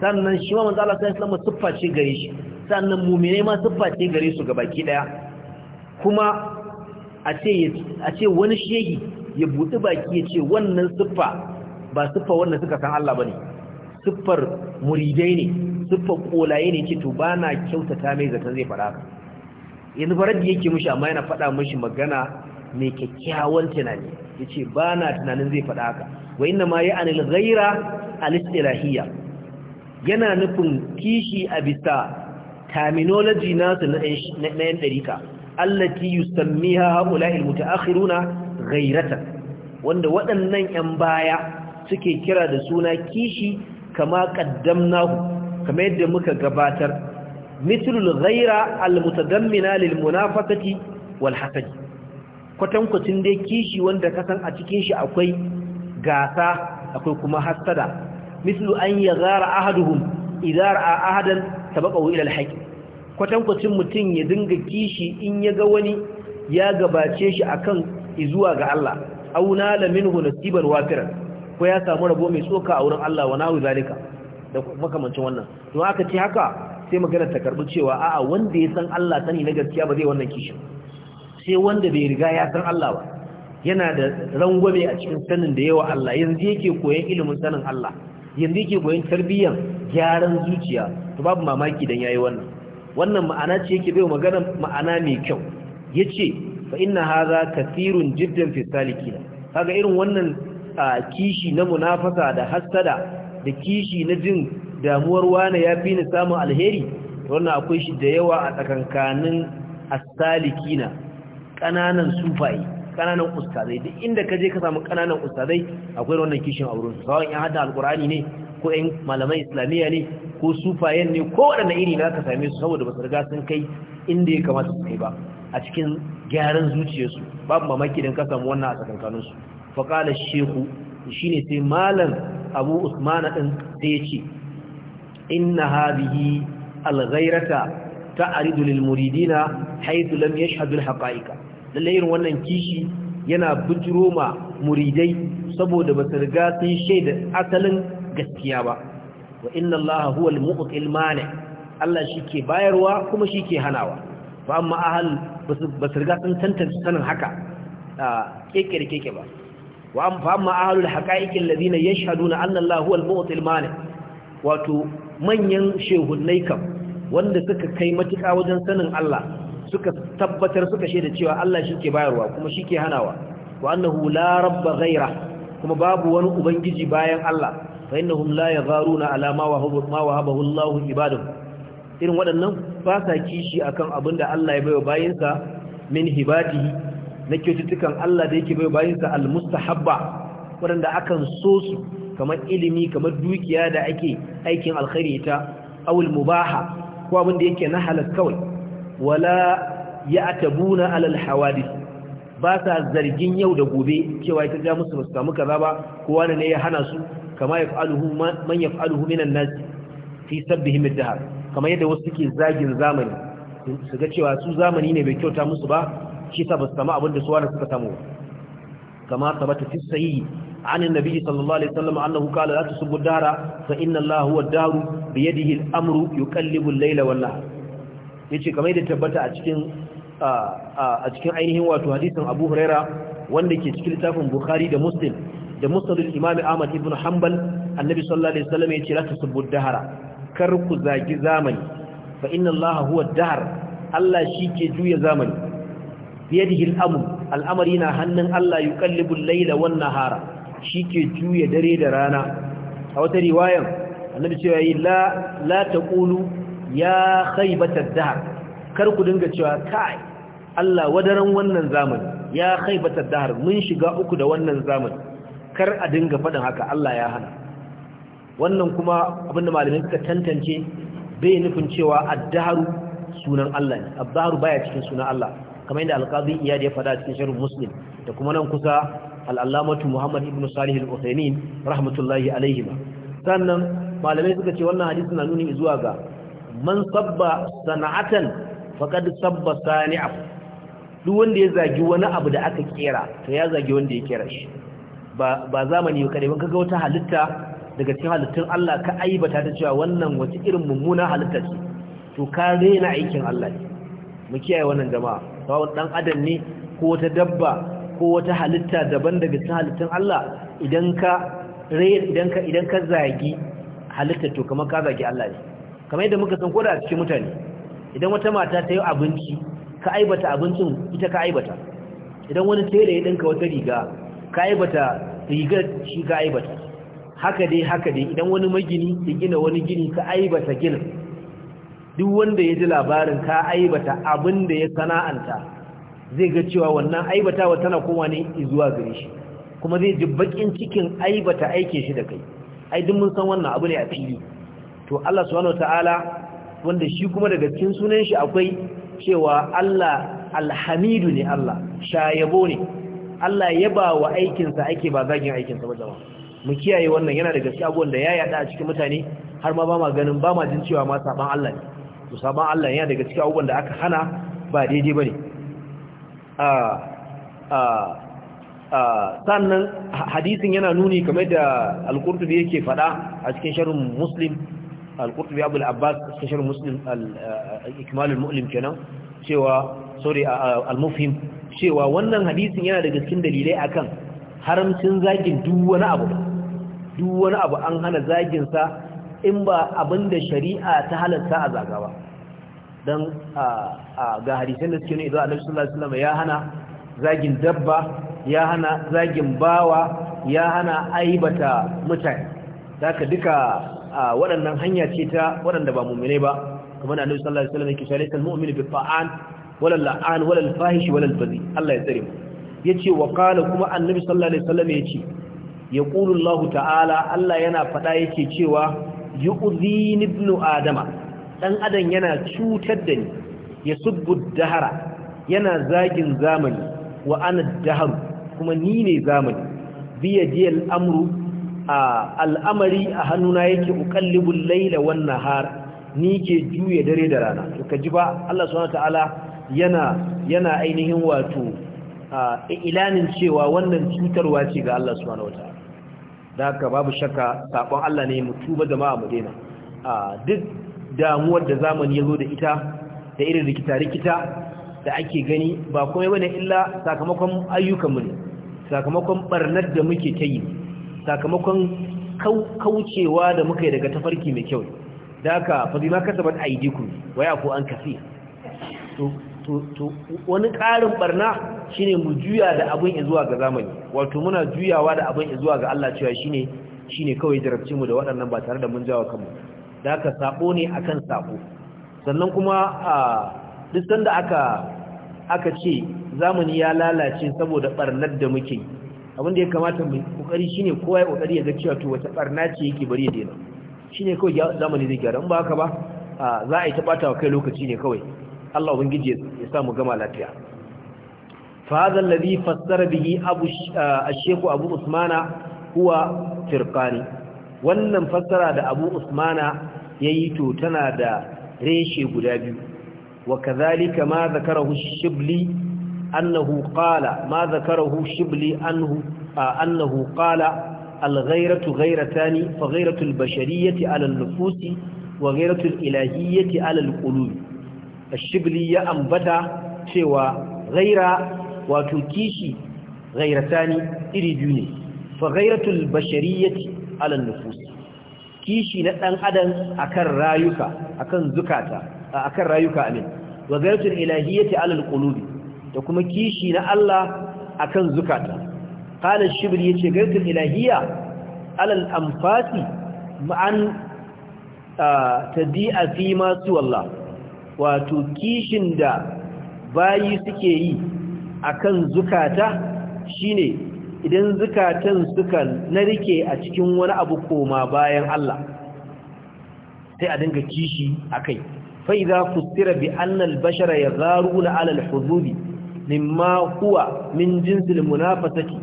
sannan shi ma manzo Allah sallallahu alaihi wasallam siffa ce gare shi sannan muminai ma siffa ce gare su gabaki daya kuma a ce wani shehi ya buɗi baki ya ce wannan siffa ba siffa wannan suka san Allah ba ne siffar muridai ne siffar ƙolaye ne ce to ba na kyautata mai zaton zai fara haka yanzu farar da yake mushi amma yana faɗa mushi magana mai kyakkyawan tunani ya ce ba na tunanin zai faɗa haka wai inna ma ya anil ghaira al yana nufin kishi a bisa terminology nasu na yan ɗarika allati yusammiha haula'il mutaakhiruna ghairatan wanda waɗannan yan baya suke kira da suna kishi kama kamar yadda muka gabatar mithlul ghaira almutadammina lilmunafaqati walhasad kwatankwacin dai kishi wanda kasan a cikin shi akwai gasa akwai kuma hasada mislu an yazara ahaduhum idza a ahadan sabaqahu ila al kwatankwacin mutum ya dinga kishi in ya ga wani ya gabace shi akan izuwa ga Allah Auna nala minhu nasiban wafiran ko ya samu rabo mai tsoka a wurin Allah wa nahu zalika da makamancin wannan To aka ce haka sai magana ta karbi cewa a'a wanda ya san Allah sani na gaskiya ba zai wannan kishi sai wanda bai riga ya san Allah ba yana da rangwame a cikin sanin da yawa Allah yanzu yake koyon ilimin sanin Allah yanzu yake koyon tarbiyyar gyaran zuciya to babu mamaki dan yayi wannan wannan ma'ana ce yake bai magana ma'ana mai kyau yace fa inna hadha kathirun jiddan fi salikina kaga irin wannan kishi na munafasa da hasada da kishi na jin damuwar wani ya fi ni samun alheri wannan akwai shi da yawa a tsakankanin as-salikina kananan sufaye kananan ustazai duk inda kaje ka samu kananan ustazai akwai wannan kishin auren su sawan ya hada alkurani ne ko ƴan malaman islamiyya ne ko sufayen ne ko waɗanda iri na ka same su saboda basu riga sun kai inda ya kamata su kai ba a cikin gyaran zuciyarsu babu mamaki don ka samu wannan a tsakankaninsu faƙalar shehu shi ne sai malam abu usmana ɗin sai ya ce inna habihi alghairata ta aridu muridina haitu lam yashhadu al irin wannan kishi yana bujiro ma muridai saboda basu riga sun shaida asalin gaskiya ba wa inna allaha huwal mu'til mani Allah shike bayarwa kuma shike hanawa fa amma ahal basu riga sun tantance sanin haka kekere keke ba wa amma amma ahalul haqa'iqil ladina yashhaduna anna allaha huwal mu'til mani wato manyan shehunnai kam wanda suka kai matuƙa wajen sanin Allah suka tabbatar suka shaida cewa Allah shike bayarwa kuma shike hanawa wa annahu la rabba ghaira kuma babu wani ubangiji bayan Allah فإنهم لا يغارون على ما وهب ما وهبه الله irin waɗannan ba sa kishi akan abin da Allah ya baiwa bayinsa min hibadihi na kyaututtukan Allah da yake baiwa bayinsa mustahabba waɗanda akan so su kamar ilimi kamar dukiya da ake aikin alkhairi ta awul mubaha ko abin da yake na halal kawai wala ya'tabuna alal hawadith ba sa zargin yau da gobe cewa ita ja musu ba su samu kaza ba ko wani ne ya hana su kama yaf'aluhu man yaf'aluhu minan nas fi sabbihim ad-dahr kama yadda wasu suke zagin zamani su ga cewa su zamani ne bai kyauta musu ba shi sa ba su samu abin da su wani suka samu kama sabata fi sallallahu sahihi عن النبي صلى الله عليه وسلم أنه قال لا تسبوا الدهر فإن الله هو الدهر بيده الأمر يكلب الليل والنهار yace kamar da tabbata a cikin a cikin ainihin wato hadisin Abu Huraira wanda ke cikin littafin Bukhari da Muslim da musnadul imami ahmad ibn hanbal annabi sallallahu alaihi wasallam ya ce la dahara kar ku zagi zamani fa inna allaha huwa dahar allah ke juya zamani biyadihi al-amr al'amari na hannun allah yuqallibu al-layla wan nahara shike juya dare da rana a wata riwayan annabi cewa la la taqulu ya khaybatad dahar kar ku dinga cewa kai Allah wadaran wannan zamani ya khaybatad dahar mun shiga uku da wannan zamani kar a dinga faɗin haka Allah ya hana wannan kuma abinda malamai suka tantance bai nufin cewa addaharu sunan Allah ne addaharu baya cikin sunan Allah kamar yadda alqazi iyad ya faɗa cikin sharh muslim da kuma nan kusa al muhammad ibn salih al rahmatullahi alayhi sannan malamai suka ce wannan hadisi na nuni zuwa ga man sabba sana'atan faqad sabba sani'a duk wanda ya zagi wani abu da aka kera to ya zagi wanda ya kera shi ba zamani ba kadai ba kaga wata halitta daga cikin halittun Allah ka aibata ta cewa wannan wace irin mummuna halitta ce to ka rena aikin Allah ne mu kiyaye wannan jama'a sawon dan adam ne ko wata dabba ko wata halitta daban daga cikin halittun Allah idan ka idan ka idan ka zagi halitta to kamar ka zagi Allah ne kamar yadda muka san koda a cikin mutane idan wata mata ta yi abinci ka aibata abincin ita ka aibata idan wani tela ya dinka wata riga ka aibata rigar shi ka aibata haka dai haka dai idan wani magini ya gina wani gini ka aibata ginin duk wanda ya ji labarin ka aibata abin da ya sana'anta zai ga cewa wannan aibatawa tana kowa ne zuwa gare shi kuma zai ji bakin cikin aibata aike shi da kai ai duk mun san wannan abu ne a fili to Allah subhanahu wataala wanda shi kuma daga cikin sunan shi akwai cewa Allah alhamidu ne Allah shayabo ne Allah ya ba wa aikinsa ake ba zagin aikinsa ba jama'a mu kiyaye wannan yana da gaske abubuwan da ya yada a cikin mutane har ma ba ma ganin ba ma jin cewa ma saban Allah ne to saban Allah yana da gaske abubuwan da aka hana ba daidai bane a a a sannan hadisin yana nuni kamar da al-Qurtubi yake fada a cikin sharhin Muslim al-Qurtubi Abu al-Abbas a cikin sharhin Muslim al-Ikmal al-Mu'lim kenan cewa sorry al-Mufhim cewa wannan hadisin yana daga cikin dalilai akan haramcin zagin duk wani abu duk wani abu an hana zagin sa in ba abinda shari'a ta halatta a zaga ba dan ga hadisin da suke ne idan Annabi sallallahu alaihi wasallam ya hana zagin dabba ya hana zagin bawa ya hana aibata mutane haka duka waɗannan hanya ce ta waɗanda ba mu'mine ba kamar Annabi sallallahu alaihi wasallam yake shari'a al-mu'min bi ta'an walal la'an walal fahish walal bazi Allah ya tsare mu yace wa qala kuma annabi sallallahu alaihi wasallam yace yaqulu Allah ta'ala Allah yana fada yake cewa yu'dhin ibnu adama dan adam yana cutar da ni yasubbu dahara yana zagin zamani wa ana dahar kuma ni ne zamani biyadi al'amru al'amari a hannuna yake uqallibul layla wannan har, ni ke juya dare da rana to ji ba Allah subhanahu ta'ala yana yana ainihin wato ilanin cewa wannan cutarwa ce ga Allah subhanahu wataala da haka babu shakka sakon Allah ne mu tuba jama'a mu daina duk damuwar da zamani yazo da ita da irin rikita-rikita da ake gani ba komai bane illa sakamakon ayyukan mu ne sakamakon barnar da muke ta sakamakon kaucewa da muka yi daga tafarki mai kyau da haka ma kasabat aidikum wa yafu an kafi to wani ƙarin barna shine mu juya da abin zuwa ga zamani wato muna juyawa da abin zuwa ga Allah cewa shine ne kawai jarabci mu da waɗannan ba tare da mun jawo kanmu da aka saƙo ne akan saƙo. sannan kuma a duk sanda aka aka ce zamani ya lalace saboda ɓarnar da muke abin da ya kamata mu shi shine kowa ya ƙoƙari ya ga cewa to wata ɓarna ce yake bari ya daina ne kawai zamani zai gyara in ba haka ba za a yi ta wa kai lokaci ne kawai Allah ubangiji ya sa mu gama lafiya fa hadha fassara bihi abu uh, ash-shaykh abu usmana huwa firqani wannan fassara da abu usmana yayi to tana da reshe guda biyu wa kadhalika ma zakarahu ash-shibli annahu qala ma zakarahu shibli anhu uh, annahu qala الغيرة غيرتان فغيرة البشرية على النفوس وغيرة الإلهية على Qulubi. shibli ya ambata cewa ghaira wato kishi ghairatani iri biyu ne fa ghairatul bashariyati ala nufus kishi na dan adam akan rayuka akan zukata akan rayuka amin wa ghairatul ilahiyyati ala alqulubi da kuma kishi na Allah akan zukata qala shibli yace ghairatul ilahiyya ala al-anfasi ma'an tadi'a fi ma su Allah wato kishin da bayi suke yi a kan zukata shi ne idan zukatan suka rike a cikin wani abu koma bayan Allah sai a dinga kishi a fai fa ku tsira bi annal bashara bashara zaru na alal hududi mimma kuwa min jinsi munafasaki munafasati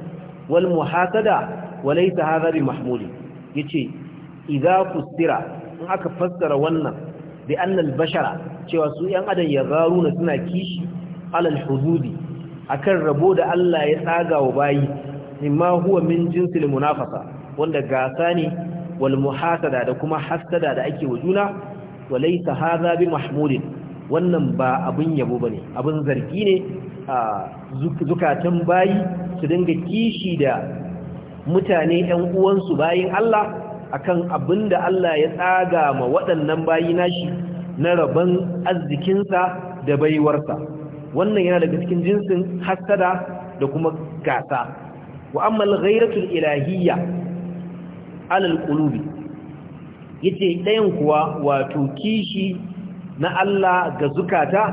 wal muhasada walaysa Mahmudi. Ya mahmuli yace ku tsira? in aka fassara wannan bi annal bashara cewa su yan adam ya garuna suna kishi alal huzudi akan rabo da Allah ya tsaga wa bayi mimma huwa min jinsil munafasa wanda gasa ne wal muhasada da kuma hasada da ake wa juna walaysa hadha bi mahmudin wannan ba abun yabo bane abun zargi ne a zukatan bayi su dinga kishi da mutane ɗan uwansu bayin Allah akan abin da Allah ya tsaga ma waɗannan bayi nashi na rabon arzikinsa da baiwarsa wannan yana daga cikin jinsin hasada da kuma gasa wa ammal ghairatul ilahiyya alal qulubi yace ɗayan kuwa wato kishi na Allah ga zukata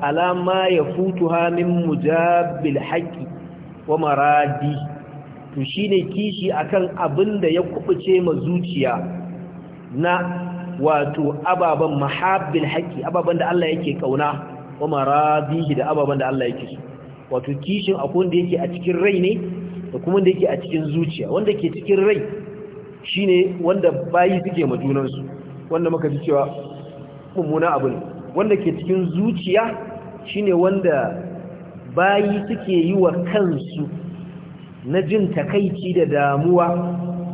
alama ya futuha min mujabbil haqqi wa maradi to ne kishi akan abin da ya kubuce ma zuciya na wato ababen mahabbin haƙi ababen da Allah yake ƙauna, wa maradihi da ababen da Allah yake so wato kishin akwai da yake a cikin rai ne da kuma da yake a cikin zuciya wanda ke cikin rai shi ne wanda bayi suke ma junansu wanda muka fi cewa mummuna abu ne wanda ke cikin zuciya shi ne wanda bayi suke yi wa kansu na jin takaici da damuwa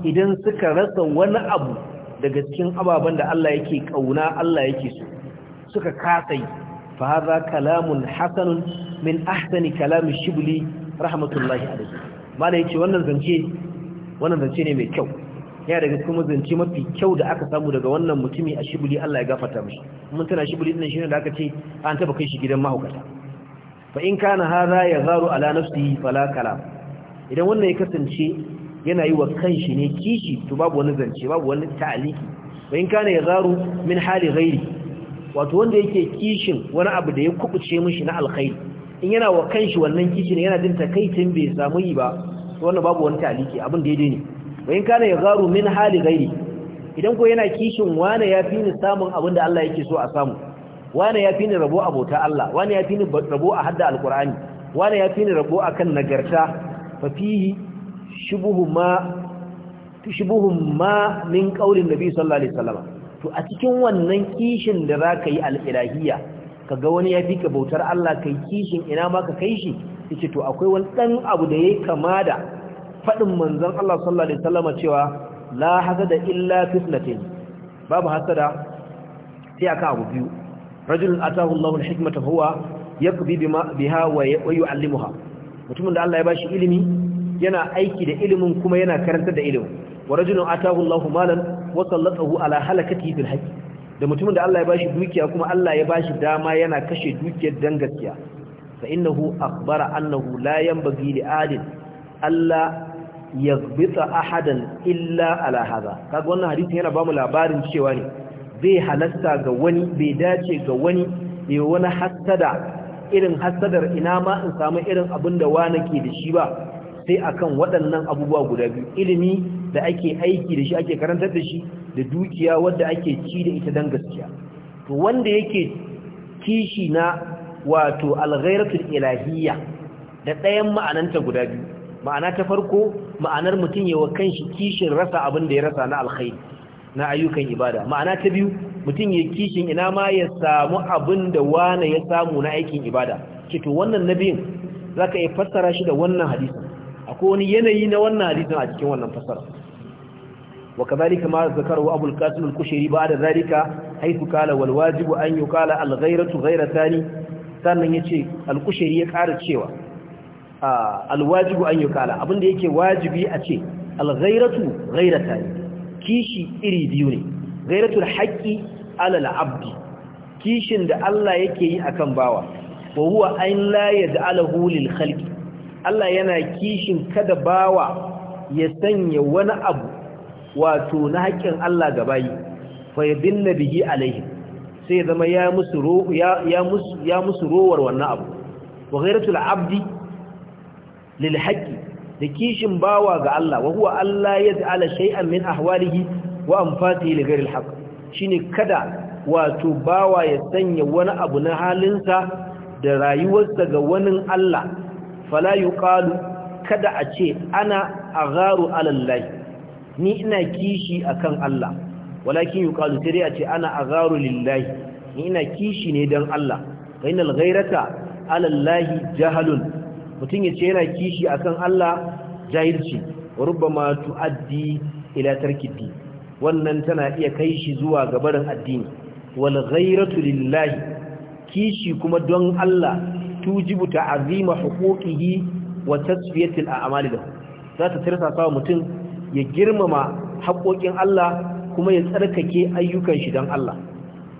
idan suka rasa wani abu daga cikin ababen da Allah yake kauna Allah yake so suka katsai fa hadha kalamun hasanun min ahsani kalami shibli rahmatullahi alayhi malai yace wannan zance wannan zance ne mai kyau ya daga cikin zance mafi kyau da aka samu daga wannan mutumi a shibli Allah ya gafarta mishi mun tana shibli din shine da aka ce an taba kai shi gidan mahaukata fa in kana hadha yazaru ala nafsihi fala kalam idan wannan ya kasance yana yi wa kanshi ne kishi to babu wani zance babu wani ta'aliki bayan kana ya zaru min hali ghairi wato wanda yake kishin wani abu da ya kubuce mishi na alkhairi in yana wa kanshi wannan kishi ne yana jin takaitin bai samu yi ba to wannan babu wani ta'aliki abin da daidai ne bayan kana ya zaru min hali ghairi idan ko yana kishin wani ya fi ni samun abin da Allah yake so a samu wani ya fi ni rabo abota Allah wani ya fi ni rabo a hadda alqur'ani wani ya fi ni rabo akan nagarta fafihi shubuhun ma min ƙaurin nabi sallallahu alaihi to a cikin wannan kishin da za ka yi al'ilahiyya ka ga wani ya fi ka bautar Allah kai kishin ina ma ka kai shi yace to akwai wani ɗan abu da ya kama da faɗin manzon Allah sallallahu alaihi cewa la hasada illa fitnatin babu hasada sai aka abu biyu rajulun atahu Allahu al-hikmata huwa yaqbi bima biha wa yu'allimuha mutumin da Allah ya bashi ilimi yana aiki da ilimin kuma yana karantar da ilimin wa rajulun atahu Allahu malan wa sallatahu ala halakatihi bil haqq da mutumin da Allah ya bashi dukiya kuma Allah ya bashi dama yana kashe dukiyar dan gaskiya fa innahu akhbara annahu la yanbaghi li adin alla yaghbita ahadan illa ala hadha kaga wannan hadisi yana bamu labarin cewa ne bai halasta ga wani bai dace ga wani bai wani hasada irin hasadar ina ma in samu irin abin da wani ke da shi ba sai akan waɗannan abubuwa guda biyu ilimi da ake aiki da shi ake karantar da shi da dukiya wadda ake ci da ita don gaskiya to wanda yake kishi na wato alghairatul ilahiyya da ɗayan ma'ananta guda biyu ma'ana ta farko ma'anar mutum yawa kanshi kishin rasa abin da ya rasa na alkhairi na ayyukan ibada ma'ana ta biyu mutum ya kishin ina ma ya samu abin da wane ya samu na aikin ibada to wannan nabiyin za ka iya fassara shi da wannan hadisin akwai wani yanayi na wannan hadisin a cikin wannan fassara wa kazalika ma zakaru abul qasim al-kushairi ba'da zalika haythu qala wal wajibu an yuqala al-ghayratu ghayratani sannan yace al-kushairi ya ƙara cewa ah, al-wajibu an yuqala abinda yake wajibi a ce al-ghayratu ghayratani kishi iri biyu ne gairatul haqqi alal abdi kishin da Allah yake yi akan bawa wa huwa an la yaj'alahu lil khalqi Allah yana kishin kada bawa ya sanya wani abu wato na haƙƙin Allah ga bayi fa yadinna bihi alaihi sai zama ya musu ro ya ya musu ya musu rowar wannan abu wa ghairatul abdi lil haqqi da kishin bawa ga Allah wa huwa Allah yaj'ala shay'an min ahwalihi wa anfatihi li ghayril haqq shine kada wato bawa ya sanya wani abu na halinsa da rayuwarsa ga wani Allah fala yuqalu kada a ce ana agharu alallahi ni ina kishi akan Allah walakin yuqalu sai a ce ana agharu lillahi ni ina kishi ne dan Allah fa innal ghayrata alallahi jahalun mutum ya ce yana kishi a kan Allah jahilci ma tu'addi ila tarkiddi wannan tana iya kai shi zuwa gabarin addini wal ghayratu lillahi kishi kuma don Allah tujibu ta'zima huquqihi wa tasfiyati al'amali da za ta tirsa mutum ya girmama haƙoƙin Allah kuma ya tsarkake ayyukan shi don Allah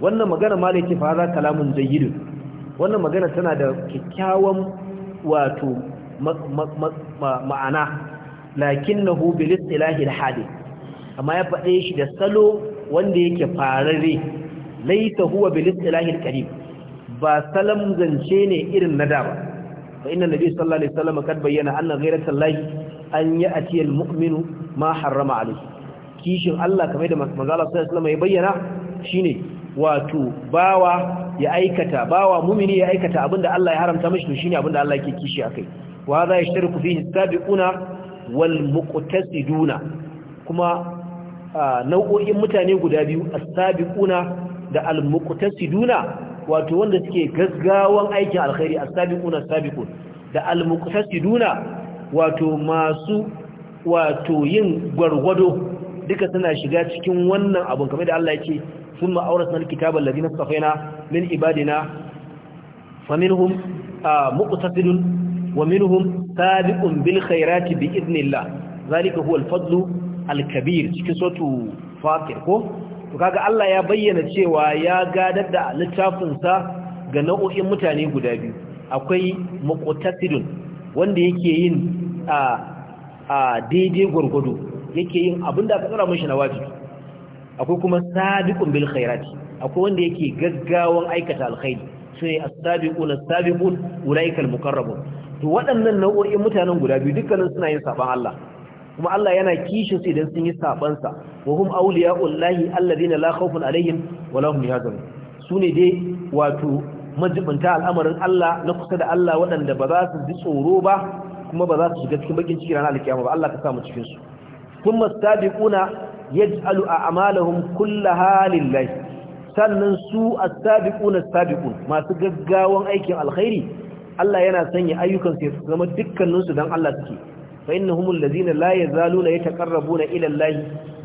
wannan magana malai ce fa za kalamun zayyidun wannan magana tana da kyakkyawan wato ma'ana lakinnahu bil istilahi al hadith amma ya faɗe shi da salo wanda yake farare laita huwa bilis istilahi al qarib ba salam zance ne irin na da ba fa inna nabi sallallahu alaihi wasallam kad bayyana anna ghayrata allahi an ya'ti al mu'minu ma harrama alayhi kishin Allah kamar da manzo Allah sallallahu alaihi wasallam ya bayyana shine wato bawa ya aikata bawa mumini ya aikata abinda Allah ya haramta mishi to shine abinda Allah yake kishi akai wa za yashtariku fihi sabiquna wal muqtasiduna kuma nau'o'in mutane guda biyu as-sabiquna da al muqtasiduna wato wanda suke gaggawan aikin alkhairi as-sabiquna sabiqun da al muqtasiduna wato masu wato yin gwargwado duka suna shiga cikin wannan abun kamar da Allah yake ثم أورثنا الكتاب الذين اصطفينا min ibadina faminhum muqtasidun wa minhum sabiqun bil khairati bi idnillah zalika fadlu cikin ko to kaga Allah ya bayyana cewa ya gadar da littafin sa ga nau'o'in mutane guda biyu akwai muqtasidun wanda yake yin a a daidai gurgudu yake yin abinda aka tsara mishi na wajibi akwai kuma sabiqun bil khairati akwai wanda yake gaggawan aikata alkhairi sai as-sabiquna as-sabiqun ulaika al-muqarrabun to waɗannan nau'o'in mutanen guda biyu dukkanin suna yin saban Allah kuma Allah yana kishin su idan sun yi saban sa wa hum awliya'ullahi alladhina la khawfun alaihim wa lahum yahzanun sune dai wato majibinta al'amarin Allah na kusa da Allah waɗanda ba za su ji tsoro ba kuma ba za su shiga cikin bakin ciki ranar alkiyama ba Allah ka sa mu cikin su kuma sabiquna yaj'alu a'malahum kullaha lillahi sannan su as-sabiqun as-sabiqun masu gaggawan aikin alkhairi Allah yana sanya ayyukan su zama dukkanin su dan Allah suke fa innahumul ladzina la yazaluna yataqarrabuna ila Allah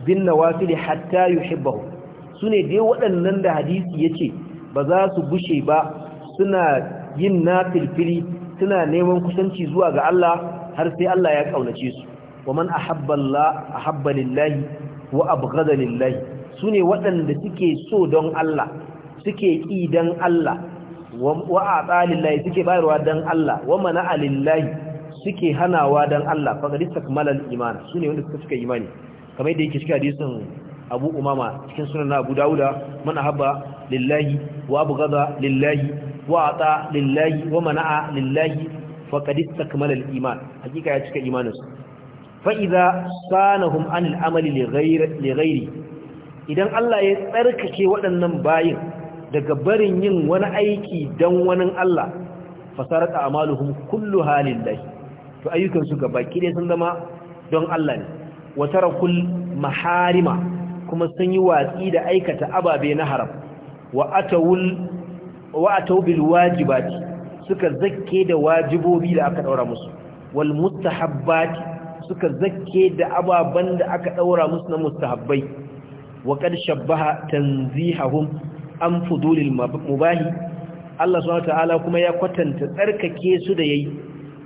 bin nawafil hatta Su sune dai waɗannan da hadisi yace ba za su bushe ba suna yin nafilfili suna neman kusanci zuwa ga Allah har sai Allah ya kaunace su wa man ahabba Allah ahabba lillahi wa abghada lillahi su ne waɗanda suke so don Allah suke ƙi don Allah wa lillahi suke bayarwa don Allah wa mana lillahi suke hanawa don Allah faɗaɗi takmalar iman su ne wanda suka imani kamar yadda yake cikin hadisin abu umama cikin sunan na abu dawuda mana haba lillahi wa abu gaza lillahi wa a tsa lillahi wa mana'a lillahi faɗaɗi takmalar iman hakika ya cika imaninsu fa'iza sanahum an al'amali li ghairi idan Allah ya tsarkake waɗannan bayin daga barin yin wani aiki don wani Allah fasarar amaluhun kullu halin dai to ayyukansu ga baki ne sun zama don Allah ne wata rakul maharima kuma sun yi watsi da aikata ababe na haram wa a taubil wajibati suka zake da wajibobi da aka daura musu wal mustahabbati suka zake da ababen da aka ɗaura musu na mustahabbai wa qad shabbaha tanzihahum an fudulil mubahi Allah subhanahu wataala kuma ya kwatanta tsarkake su da yai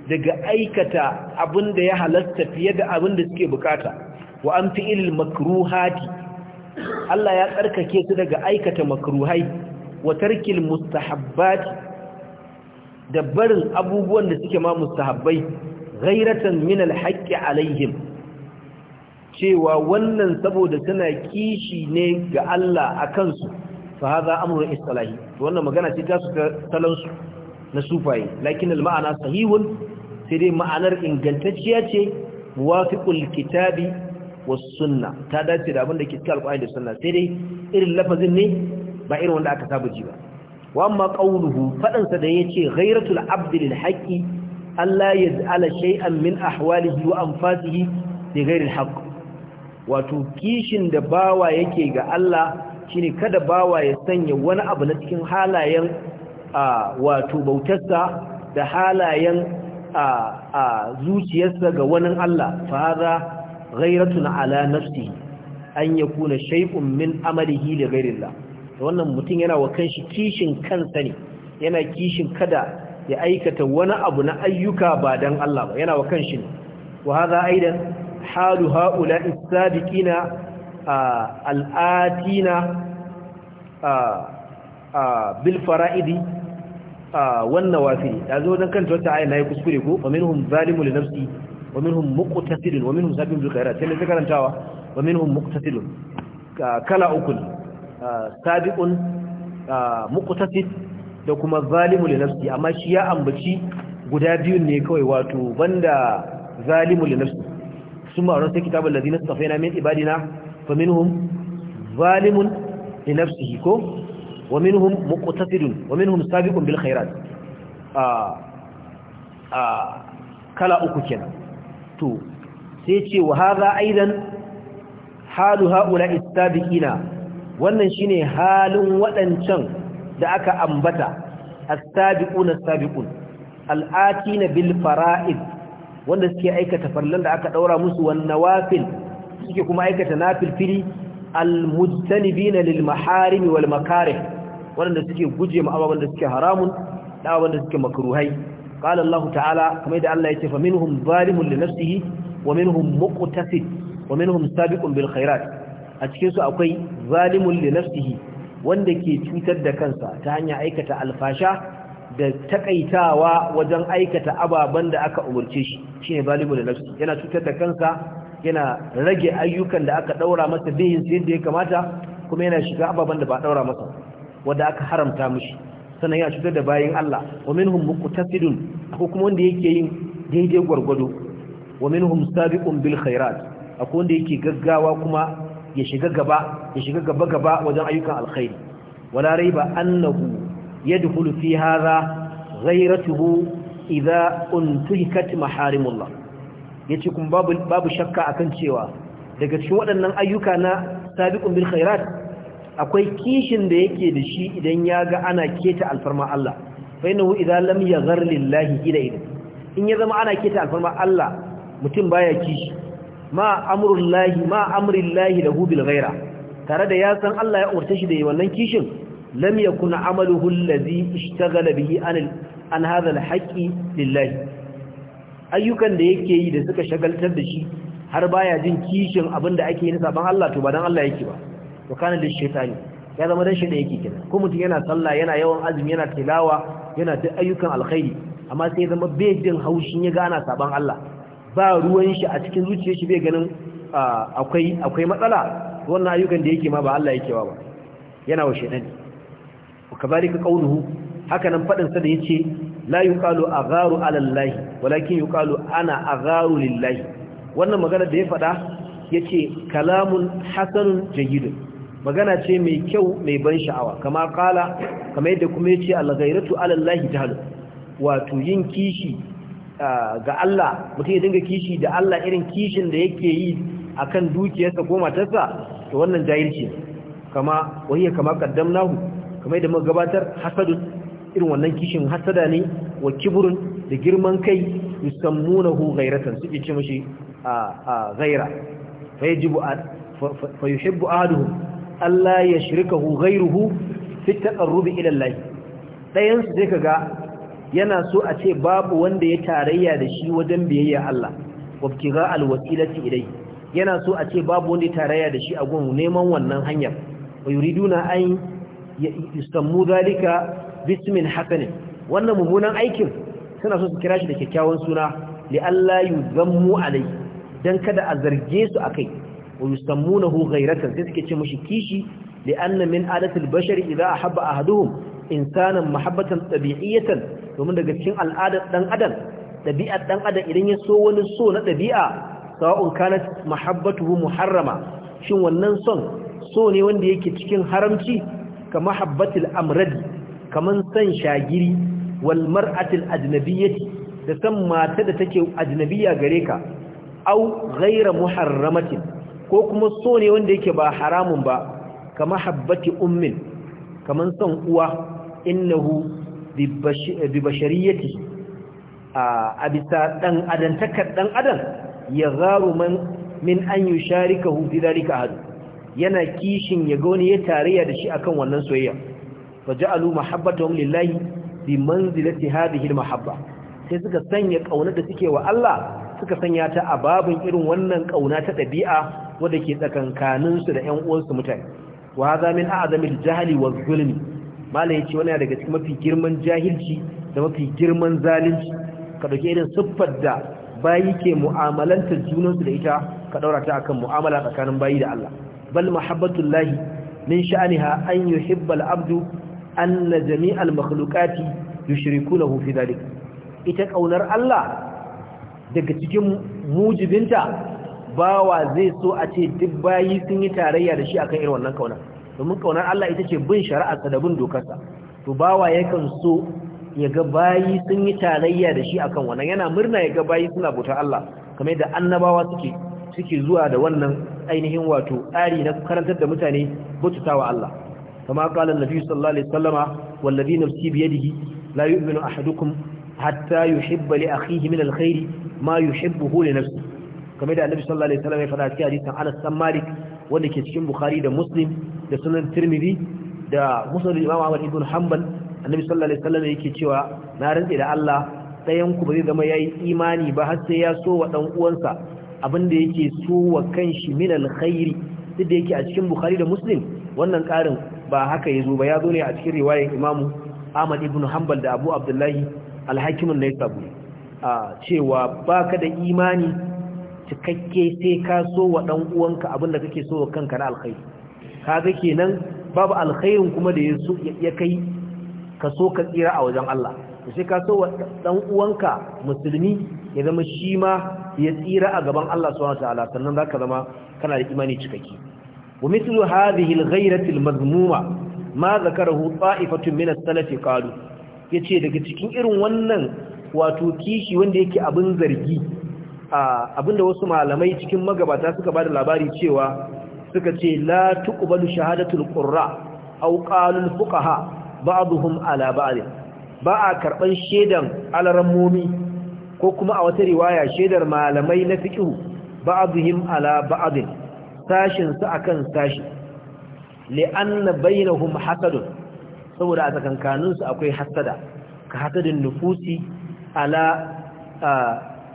daga aikata abinda ya halasta fiye da abinda suke bukata wa an fi'il makruhati Allah ya tsarkake su daga aikata makruhai wa tarkil mustahabbati da barin abubuwan da suke ma mustahabbai ghairatan min alhaqqi alaihim cewa wannan saboda tana kishi ne ga Allah a kansu fa haza amrun istilahi wannan magana ce ta su talansu na sufaye lakin al-ma'ana sahihun sai dai ma'anar ingantacciya ce muwafiqul kitabi was sunna ta dace da abinda da al cikin da sunna sai dai irin lafazin ne ba irin wanda aka saba ji ba wa amma qawluhu fadan sa da yace ghayratul abdi lil haqqi alla yaz'ala shay'an min ahwalihi wa anfasihi bi ghayril haqq wato kishin da bawa yake ga Allah shine kada bawa ya sanya wani abu na cikin halayen wato bautarsa da halayen zuciyarsa ga wani Allah fara rairatu na ala nafsi an yakuna shay'un min amalihi li Da wannan mutum yana wa kanshi kishin kansa ne yana kishin kada ya aikata wani abu na ayyuka ba dan Allah ba yana wa kanshi ne wa hada aidan Hadu ha'ula isabiqina al'atina bil fara'idi wannan wafi da zo dan kanta wata ayi nayi kuskure ko fa minhum zalimu li nafsi wa minhum muqtasidun wa minhum sabiqun da kuma zalimu li nafsi shi ya guda biyun ne kawai wato banda ثم أورثنا كتاب الذين اصطفينا من عبادنا فمنهم ظالم لنفسه ومنهم مقتصد ومنهم سابق بالخيرات آه آه كلا أكو كنا تو سيتي وهذا أيضا حال هؤلاء السابقين wannan shine halin waɗancan da aka ambata as-sabiquna as-sabiqun al-atina bil fara'id wanda suke aikata farlan da aka daura musu wan nawafil suke kuma aikata nafilfili almujtanibina lil maharim wal makarih wanda suke guje ma ababan da suke haramun da ababan da suke makruhai qala allah ta'ala kamar da allah yace fa minhum zalimun li nafsihi wa minhum muqtasid wa minhum sabiqun bil khairat a cikin su akwai zalimun li nafsihi wanda ke cutar da kansa ta hanya aikata alfasha da takaitawa wajen aikata ababen da aka umarce shi shi ne balibu da nafsi yana cutar da kansa yana rage ayyukan da aka daura masa bihin su da ya kamata kuma yana shiga ababen da ba daura masa wanda aka haramta mishi sannan yana cutar da bayan Allah wa minhum muqtasidun akwai kuma wanda yake yin daidai gwargwado wa minhum sabiqun bil khairat akwai wanda yake gaggawa kuma ya shiga gaba ya shiga gaba gaba wajen ayyukan alkhairi wala raiba annahu yadkhulu fi hadha ghayratuhu idza untihikat maharimullah yace kun babu shakka akan cewa daga cikin waɗannan ayyuka na sabiqun bil khairat akwai kishin da yake da shi idan ya ga ana keta alfarma Allah fa innahu idza lam yaghar lillahi ila idan in ya zama ana keta alfarma Allah mutum baya kishi ma amrullahi ma amrillahi lahu bil ghaira tare da ya san Allah ya umarce shi da wannan kishin lam yakun amaluhu allazi ishtaghala bihi an an hadha lillahi ayyukan da yake yi da suka shagaltar da shi har baya jin kishin abinda ake yi na saban Allah to ba dan Allah yake ba to kana da shaytani ya zama dan shaytan yake kenan ko mutum yana sallah yana yawan azumi yana tilawa yana duk ayyukan alkhairi amma sai zama bai jin haushin ya gana saban Allah ba ruwan shi a cikin zuciyar shi bai ganin akwai akwai matsala wannan ayyukan da yake ma ba Allah yake ba yana wa shaytani kazalika qawluhu hakanan nan fadin sa da yace la yuqalu agharu ala allahi walakin yuqalu ana agharu lillahi wannan magana da ya fada yace kalamun hasanun jayyidun magana ce mai kyau mai ban sha'awa kama kala kama yadda kuma yace al-ghairatu ala allahi jahal wato yin kishi ga Allah mutum ya dinga kishi da Allah irin kishin da yake yi akan dukiyarsa ko matarsa to wannan jahilci kama wahiya kama qaddamnahu kamar da muka gabatar hasadun irin wannan kishin hasada ne wa kiburun da girman kai yusammunahu ghairatan suke ce mishi a ghaira fa yajibu fa yuhibbu ahaduhum alla yashrikahu ghairuhu fi taqarrubi ila Allah dayan su zai kaga yana so a ce babu wanda ya tarayya da shi wajen biyayya Allah wabtiga alwasilati ilai yana so a ce babu wanda ya tarayya da shi a gun neman wannan hanyar wa yuriduna an yusammu zalika bismin hasanin wannan mummunan aikin suna so su kira shi da kyakkyawan suna li Allah yuzammu alai dan kada a zarge su akai wa yusammunahu ghayratan sai suke ce mushi kishi li anna min adatil bashari a ahabba ahaduhum insanan mahabbatan tabi'iyatan domin daga cikin al'adar dan adam ɗabi'ar ɗan adam idan ya so wani so na ɗabi'a sawa'un kanat mahabbatuhu muharrama shin wannan son so ne wanda yake cikin haramci ka mahabbatil amradi kaman san shagiri wal mar'atil ajnabiyyati da san mata da take ajnabiya gare ka au ghaira muharramatin ko kuma so ne wanda yake ba haramun ba ka mahabbati ummin kaman san uwa innahu bi bashariyati a bisa dan adam takar dan adam ya gharu man min an yusharikahu fi dhalika ahad yana kishin ya ga wani ya tarayya da shi akan wannan soyayya fa ja'alu mahabbatuhum lillahi bi manzilati hadhihi almahabba sai suka sanya kauna da suke wa Allah suka sanya ta a babin irin wannan kauna ta dabi'a wanda ke tsakankanin su da ƴan uwansu mutane wa hadha min a'zami aljahli wa adh-dhulmi mala yace wani daga cikin mafi girman jahilci da mafi girman zalunci ka dauke irin siffar da bayi ke mu'amalanta junansu da ita ka daura ta akan mu'amala tsakanin bayi da Allah bal mahabbatullahi min sha'aniha an yuhibba al-abdu anna jami'al makhluqati yushrikunahu fi dhalik ita kaunar Allah daga cikin mujibinta bawa zai so a ce duk bayi sun yi tarayya da shi akan irin wannan kauna domin kaunar Allah ita ce bin shari'arsa da bin dokarsa to bawa yakan so ya ga bayi sun yi tarayya da shi akan wannan yana murna ya ga bayi suna bautar Allah kamar da annabawa suke zuwa da wannan ainihin wato ari na karantar da mutane bautawa Allah kama qala annabi sallallahu alaihi wasallama wallazi nafsi bi yadihi la yu'minu ahadukum hatta yuhibba li akhihi min alkhair ma yuhibbuhu li nafsihi Kama da annabi sallallahu alaihi wasallam ya faɗa cikin hadisin Anas bin Malik wanda ke cikin Bukhari da Muslim da Sunan Tirmidhi da Musnad Imam Ahmad ibn Hanbal annabi sallallahu alaihi wasallam yake cewa na rantsi da Allah dayan ku ba zai zama yayi imani ba har sai ya so wa dan uwansa abinda yake so wa kanshi min alkhairi duk da yake a cikin bukhari da muslim wannan karin ba haka yazo ba yazo ne a cikin riwayar imamu ahmad ibn hanbal da abu abdullahi alhakim an ya a cewa baka da imani cikakke sai ka so wa dan uwanka abinda kake so wa kanka na alkhairi kaga kenan babu alkhairin kuma da ya kai ka so ka tsira a wajen Allah sai ka so wa dan uwanka musulmi ya zama shi ma ya tsira a gaban Allah subhanahu Ta'ala sannan ka zama kana da imani cikakki. wa mithlu hadhihi al-ghayrati al-mazmuma ma zakarahu ta'ifatun min as-salaf qalu yace daga cikin irin wannan wato kishi wanda yake abin zargi a abinda wasu malamai cikin magabata suka bada labari cewa suka ce la tuqbalu shahadatul qurra aw qalul fuqaha ba'dhum ala ba'd ba a karban shedan alarammomi ko kuma a wata riwaya shaidar malamai na fiqh ba'dhum ala ba'd sashinsu su akan sashi li'anna bainahum hasadun saboda a tsakankanin akwai hasada ka hasadin nufusi ala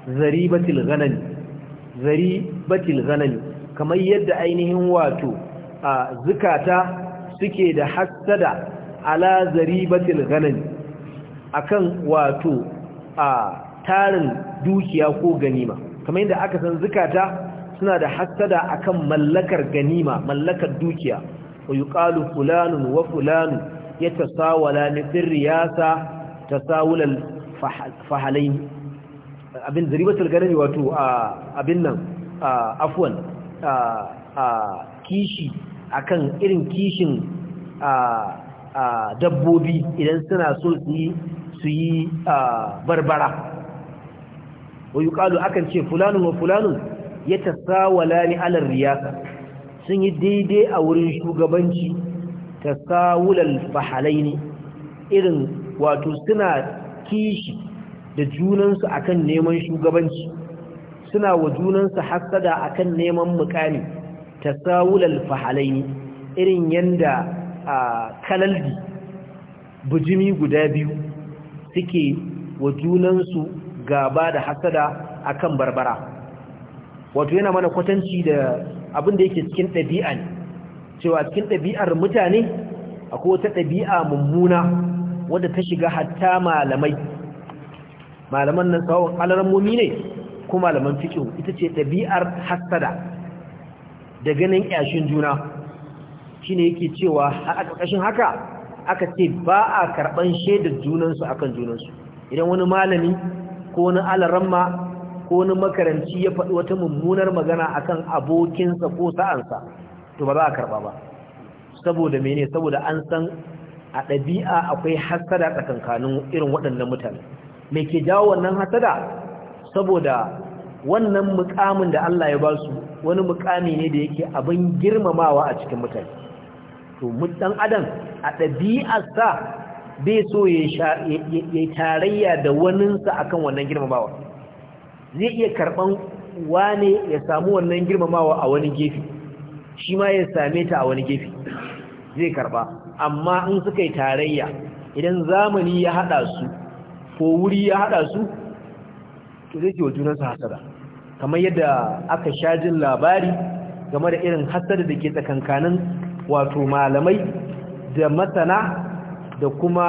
zaribatil ghanami zaribatil kamar yadda ainihin wato zukata suke da hasada ala zaribatil ghanami akan wato a tarin dukiya ko ganima kamar yadda aka san zukata suna da hassada akan mallakar ganima mallakar dukiya wa yuqalu fulanun wa fulanu yatasawala ni riyasa fahalain abin zaribatul garani wato abin nan afwan kishi akan irin kishin dabbobi idan suna so su yi barbara wa yuqalu akan ce fulanu wa fulanu yatasawalani ala riyasa sun yi daidai a wurin shugabanci tasawulal fahalaini irin wato suna kishi da junansu akan neman shugabanci suna wa junansu hasada akan neman mukami tasawulal fahalaini irin yanda a kalalbi bujimi guda biyu suke wa junansu gaba da hasada akan barbara wato yana mana kwatanci da abin da yake cikin ɗabi'a ne cewa cikin ɗabi'ar mutane akwai wata ɗabi'a mummuna wadda ta shiga hatta malamai malaman nan tsawon alarmomi ne ko malaman fikihu ita ce ɗabi'ar hasada da ganin yashin juna shine yake cewa a ƙarƙashin haka aka ce ba a karɓan shaidar junansu akan junansu idan wani malami ko na alaramma ko na makaranci ya faɗi wata mummunar magana kan abokinsa ko sa'ansa to ba za a karɓa ba saboda mene saboda an san a ɗabi'a akwai hasada tsakankanin irin waɗannan mutane me ke jawo wannan hasada saboda wannan mukamin da Allah ya ba su wani mukami ne da yake abin girmamawa a cikin mutane to mutan adam a ɗabi'arsa bai so ya yi tarayya da waninsa akan wannan girmamawa zai iya karɓan ne ya samu wannan girmamawa a wani gefe shi ma ya same ta a wani gefe zai karɓa amma in suka yi tarayya idan zamani ya haɗa su ko wuri ya haɗa su to zai ce wa junansa hasada kamar yadda aka sha jin labari game da irin hasada da ke tsakankanin wato malamai da masana da kuma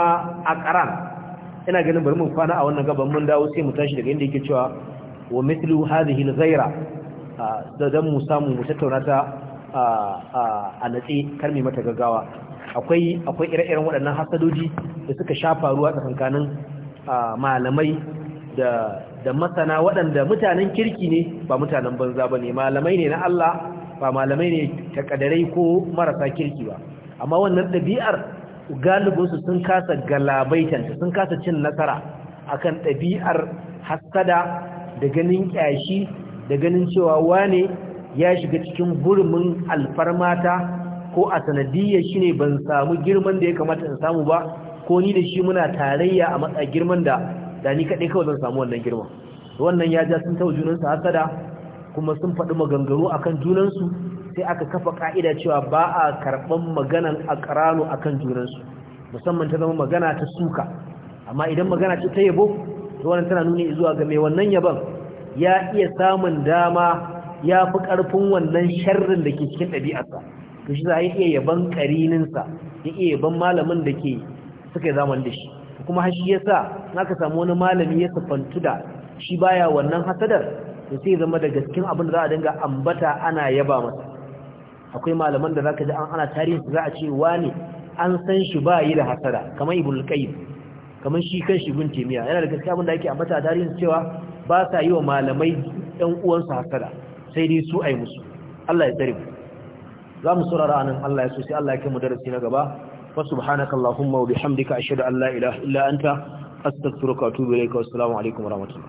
ƙaran. ina ganin bari mun kwana a wannan gaban mun dawo sai mu tashi daga inda yake cewa wa mithlu hadhihi al-ghayra da dan mu samu mu tattauna ta a natsi karmi mata gaggawa akwai akwai ire-iren waɗannan hasadoji da suka shafa ruwa tsakankanin malamai da da masana waɗanda mutanen kirki ne ba mutanen banza ba malamai ne na Allah ba malamai ne takadarai ko marasa kirki ba amma wannan ɗabi'ar galibinsu sun kasa galabaitanta sun kasa cin nasara akan ɗabi'ar hassada da ganin ƙyashi da ganin cewa wane ya shiga cikin gurumin alfarmata ko a sanadiyya shine ban samu girman da ya kamata in samu ba ko ni da shi muna tarayya a matsa girman da da ni kaɗai kawai zan samu wannan girman wannan ya ja sun tawo junansu hasada kuma sun faɗi maganganu akan junansu sai aka kafa ka'ida cewa ba a karɓan maganan a kan junansu musamman ta zama magana ta suka amma idan magana ce ta yabo to wannan tana nuni zuwa ga mai wannan yaban ya iya samun dama ya fi ƙarfin wannan sharrin da ke cikin ɗabi'arsa to shi za a iya yaban ƙarininsa ya iya yaban malamin da ke suka yi zaman da shi kuma shi ya sa aka samu wani malami ya sufantu da shi baya wannan hasadar to sai zama da gaskin abin da za a dinga ambata ana yaba masa akwai malaman da za ka ji an ana tarihi za a ce wani an san shi ba yi da hasara kamar ibul qayyim kamar shi kan shi gun timiya yana da gaskiya abin da ake ambata a tarihinsu cewa ba sa yi wa malamai ɗan uwansu hasara sai dai su a yi musu Allah ya tsare mu za mu saurara anan Allah ya so sai Allah ya kai mu darasi na gaba fa subhanakallahumma wa bihamdika ashhadu an la ilaha illa anta astaghfiruka wa atubu ilayka wa assalamu alaikum wa rahmatullahi